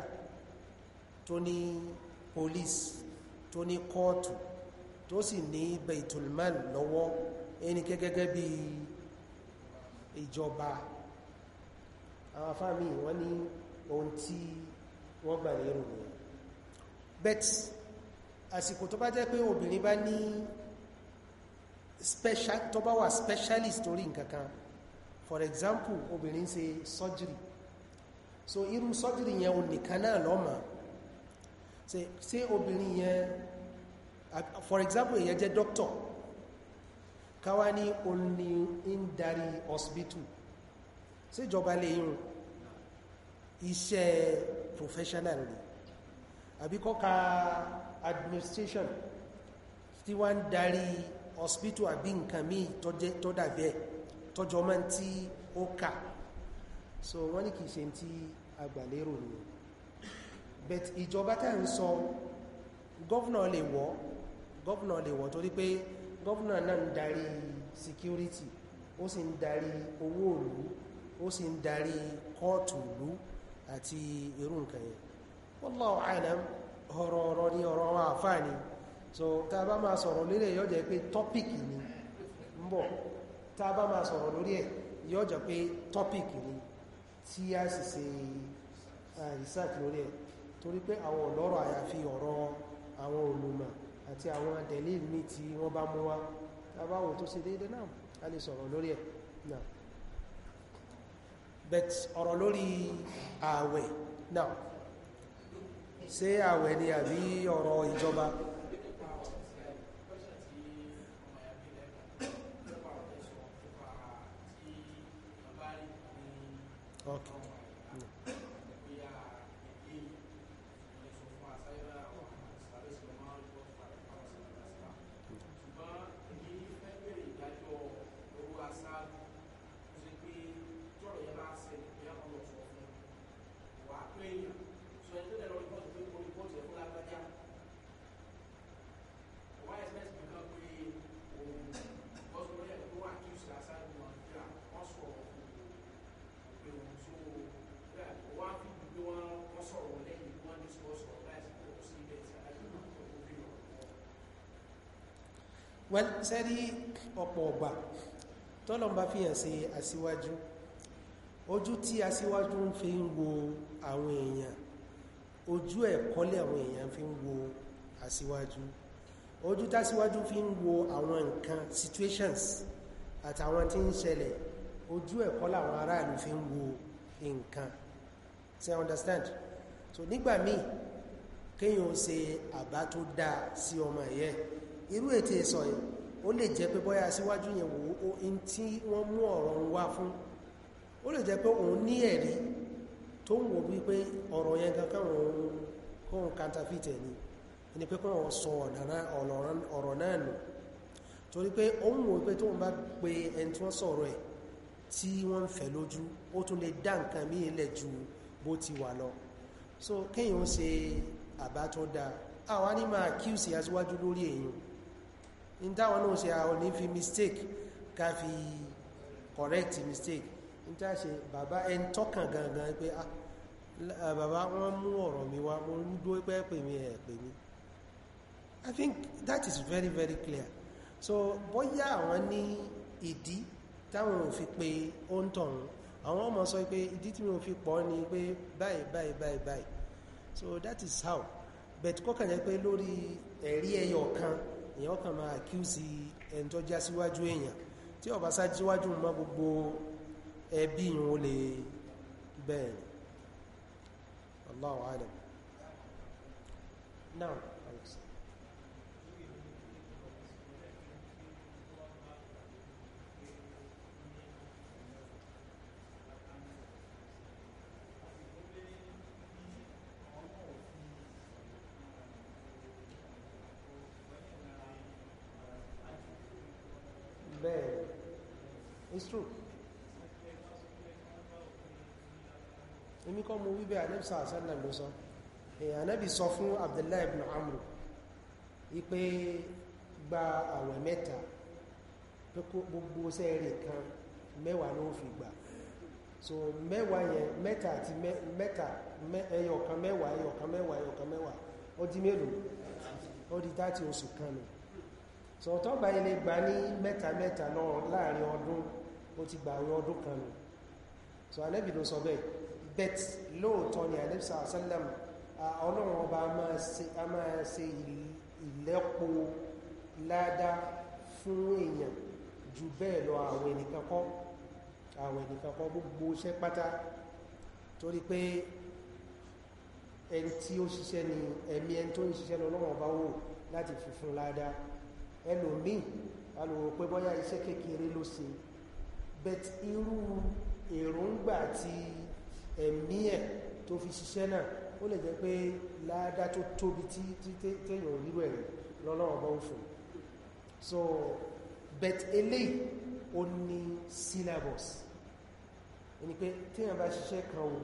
tó ní police tó ní kóòtù tó sì ní baitulmal lọ́wọ́ ẹni gẹ́gẹ́ bí ìjọba àwọn afáàmì wọ́n ní ohun tí wọ́n gbà lérò nìyẹn bet àsìkò tó bá jẹ́ pé obìnrin bá ní special tó bá wà specialist torí nǹkankan for example obìnrin ṣe surgery so irú surgery yẹn o nìkan náà lọ́mọ ṣe obìnrin yẹn for example èyàn jẹ́ doctor káwá ní òní ń darí hospital síjọba lè yún iṣẹ́ professional ni àbí kọ́ka administration tí wá ń hospital àbí nǹkan míì tó dàbẹ̀ tọ́jọ́ máa tí ó kà so wọ́n ní kìí ṣe tí agbàlérò ni But ìjọba tá ń sọ gọ́vnà lè wọ́ gọvanọ lè wọ̀ torí pé na náà ń darí security ó sì ń darí owó òlú ó sì ń darí kọ́ọ̀tù òlú àti irú nǹkan yẹn wallahu a'lam ọ̀rọ̀ ọ̀rọ̀ ọ̀rọ̀ ni so tá bá máa sọ̀rọ̀ lórí ẹ̀ pe jẹ́ pé ni ń bọ̀ tá bá máa sọ̀rọ̀ lórí ẹ̀ yóò ni tí a sì ṣe research lórí ẹ̀ torí pé àwọn ọ̀lọ́rọ̀ àyàfi ọ̀rọ̀ àwọn àti àwọn àdẹ̀lé ní tí wọ́n bá mú wá tàbáwò tó ṣe déédé náà a lè sọ̀rọ̀ lórí ẹ̀ náà bet ọ̀rọ̀ lórí ààwẹ̀ náà ṣé ààwẹ̀ ni àbí ọ̀rọ̀ ìjọba okay wọ́n sẹ́rí ọ̀pọ̀ ọ̀gbà tọ́lọ̀mbá fi hàn sí aṣíwájú ojú tí aṣíwájú ń fi ń wo àwọn èèyàn ojú ẹ̀kọ́lẹ̀ àwọn èèyàn fi ń wo aṣíwájú ojú tásíwájú fi ń wo àwọn nǹkan situations àtàwọn tí ń ṣẹlẹ̀ ojú ẹ̀kọ́ làwọn aráàlú fi ń wo nǹkan ṣé understand so nígbà míì kéèyàn ṣe àbá tó dáa sí ọmọ ẹ̀yẹ́ irú ètò ìsọ̀ yìí ó lè jẹ́ pé bọ́yá síwájú yẹn wò ó in tí wọ́n mú ọ̀rọ̀ ń wá fún ó lè jẹ́ pé òun ní ẹ̀rí tó ń wò wípé ọ̀rọ̀ yẹn kankan òun kóhun kantafit ẹ̀ bó ti wà lọ so kéèyàn se àbá tó dáa àwa ní máa aṣíwájú lórí èèyàn in náà ṣe àwọn ní fi mistake ká fi correct mistake in tá bàbá ẹn tọ́kàn gangan pé ah, uh, bàbá wọ́n mú ọ̀rọ̀ mi wá mo ń dúró pé pè mí i think that is very very clear so bóyá àwọn ní ìdí táwọn ò fi pe ó ń tọ̀hún àwọn ọmọ sọ pé ìdí tí mo fi pọ̀ ni pé báyìí báyìí báyìí báyìí so that is how but kọ́kànlẹ́ pé lórí ẹ̀rí ẹyọ kan èèyàn kàn máa àkíyèsí ẹni tó já síwájú èèyàn tí ó bá sá síwájú mọ́ gbogbo ẹbí yìí ó lè bẹ́ẹ̀ Allahu alam náà It's true. Èmi kọ́ mo wíbẹ̀ na àṣẹ́lẹ̀ ló sọ. Èyàn ànẹ́bì sọ fún Abdullahi ibn Amru gba àwẹ̀ mẹ́ta gbogbo sẹ́ẹ̀rì kan mẹ́wàá ló fi gbà. So mẹ́wàá yẹn mẹ́ta àti mẹ́ta ẹyọ̀kan mẹ́wàá ẹyọ̀kan mẹ́wàá ẹyọ̀kan mẹ́wàá ó di mélòó ó di oṣù kan nù. So bá ilé gbà ní mẹ́ta mẹ́ta náà láàrin ọdún ó ti gbà àwọn ọdún kan nù so anẹ́bì ló sọ bẹ́ẹ̀ bet lóòótọ́ ni anẹ́bìsà sálẹ̀m ọlọ́run ọba a máa ṣe ìlẹ́po ládá fún èèyàn ju bẹ́ẹ̀ lọ àwẹ̀ nìkan kọ́ àwẹ̀ nìkan kọ́ gbogbo iṣẹ́ pátá torí pé ẹni tí ó ṣiṣẹ́ ni ẹ̀mí ẹni tó ń ṣiṣẹ́ lọ lọ́wọ́ bá wò láti fi fún ládá ẹlòmíì alòwò pé bọ́yá iṣẹ́ kékeré ló ṣe but irú èròǹgbà ti ẹ̀mí ẹ̀ tó fi ṣiṣẹ́ náà ó lè jẹ́ pé ládá tó tóbi tí tẹ́yàn onírú ẹ̀ lọ́lọ́wọ́ bá fún so but eléyìí ó ní syllabus ẹni pé tẹ́yàn bá ṣiṣẹ́ kan o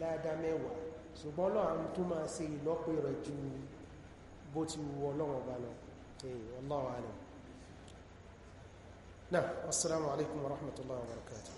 ládá mẹ́wàá ṣùgbọ́n lọ́wọ́ tó máa ṣe ìlọ́pẹ̀ rẹ̀ ju bó ti wù ọlọ́wọ́ bá lọ Allahu alam نعم والسلام عليكم ورحمة الله وبركاته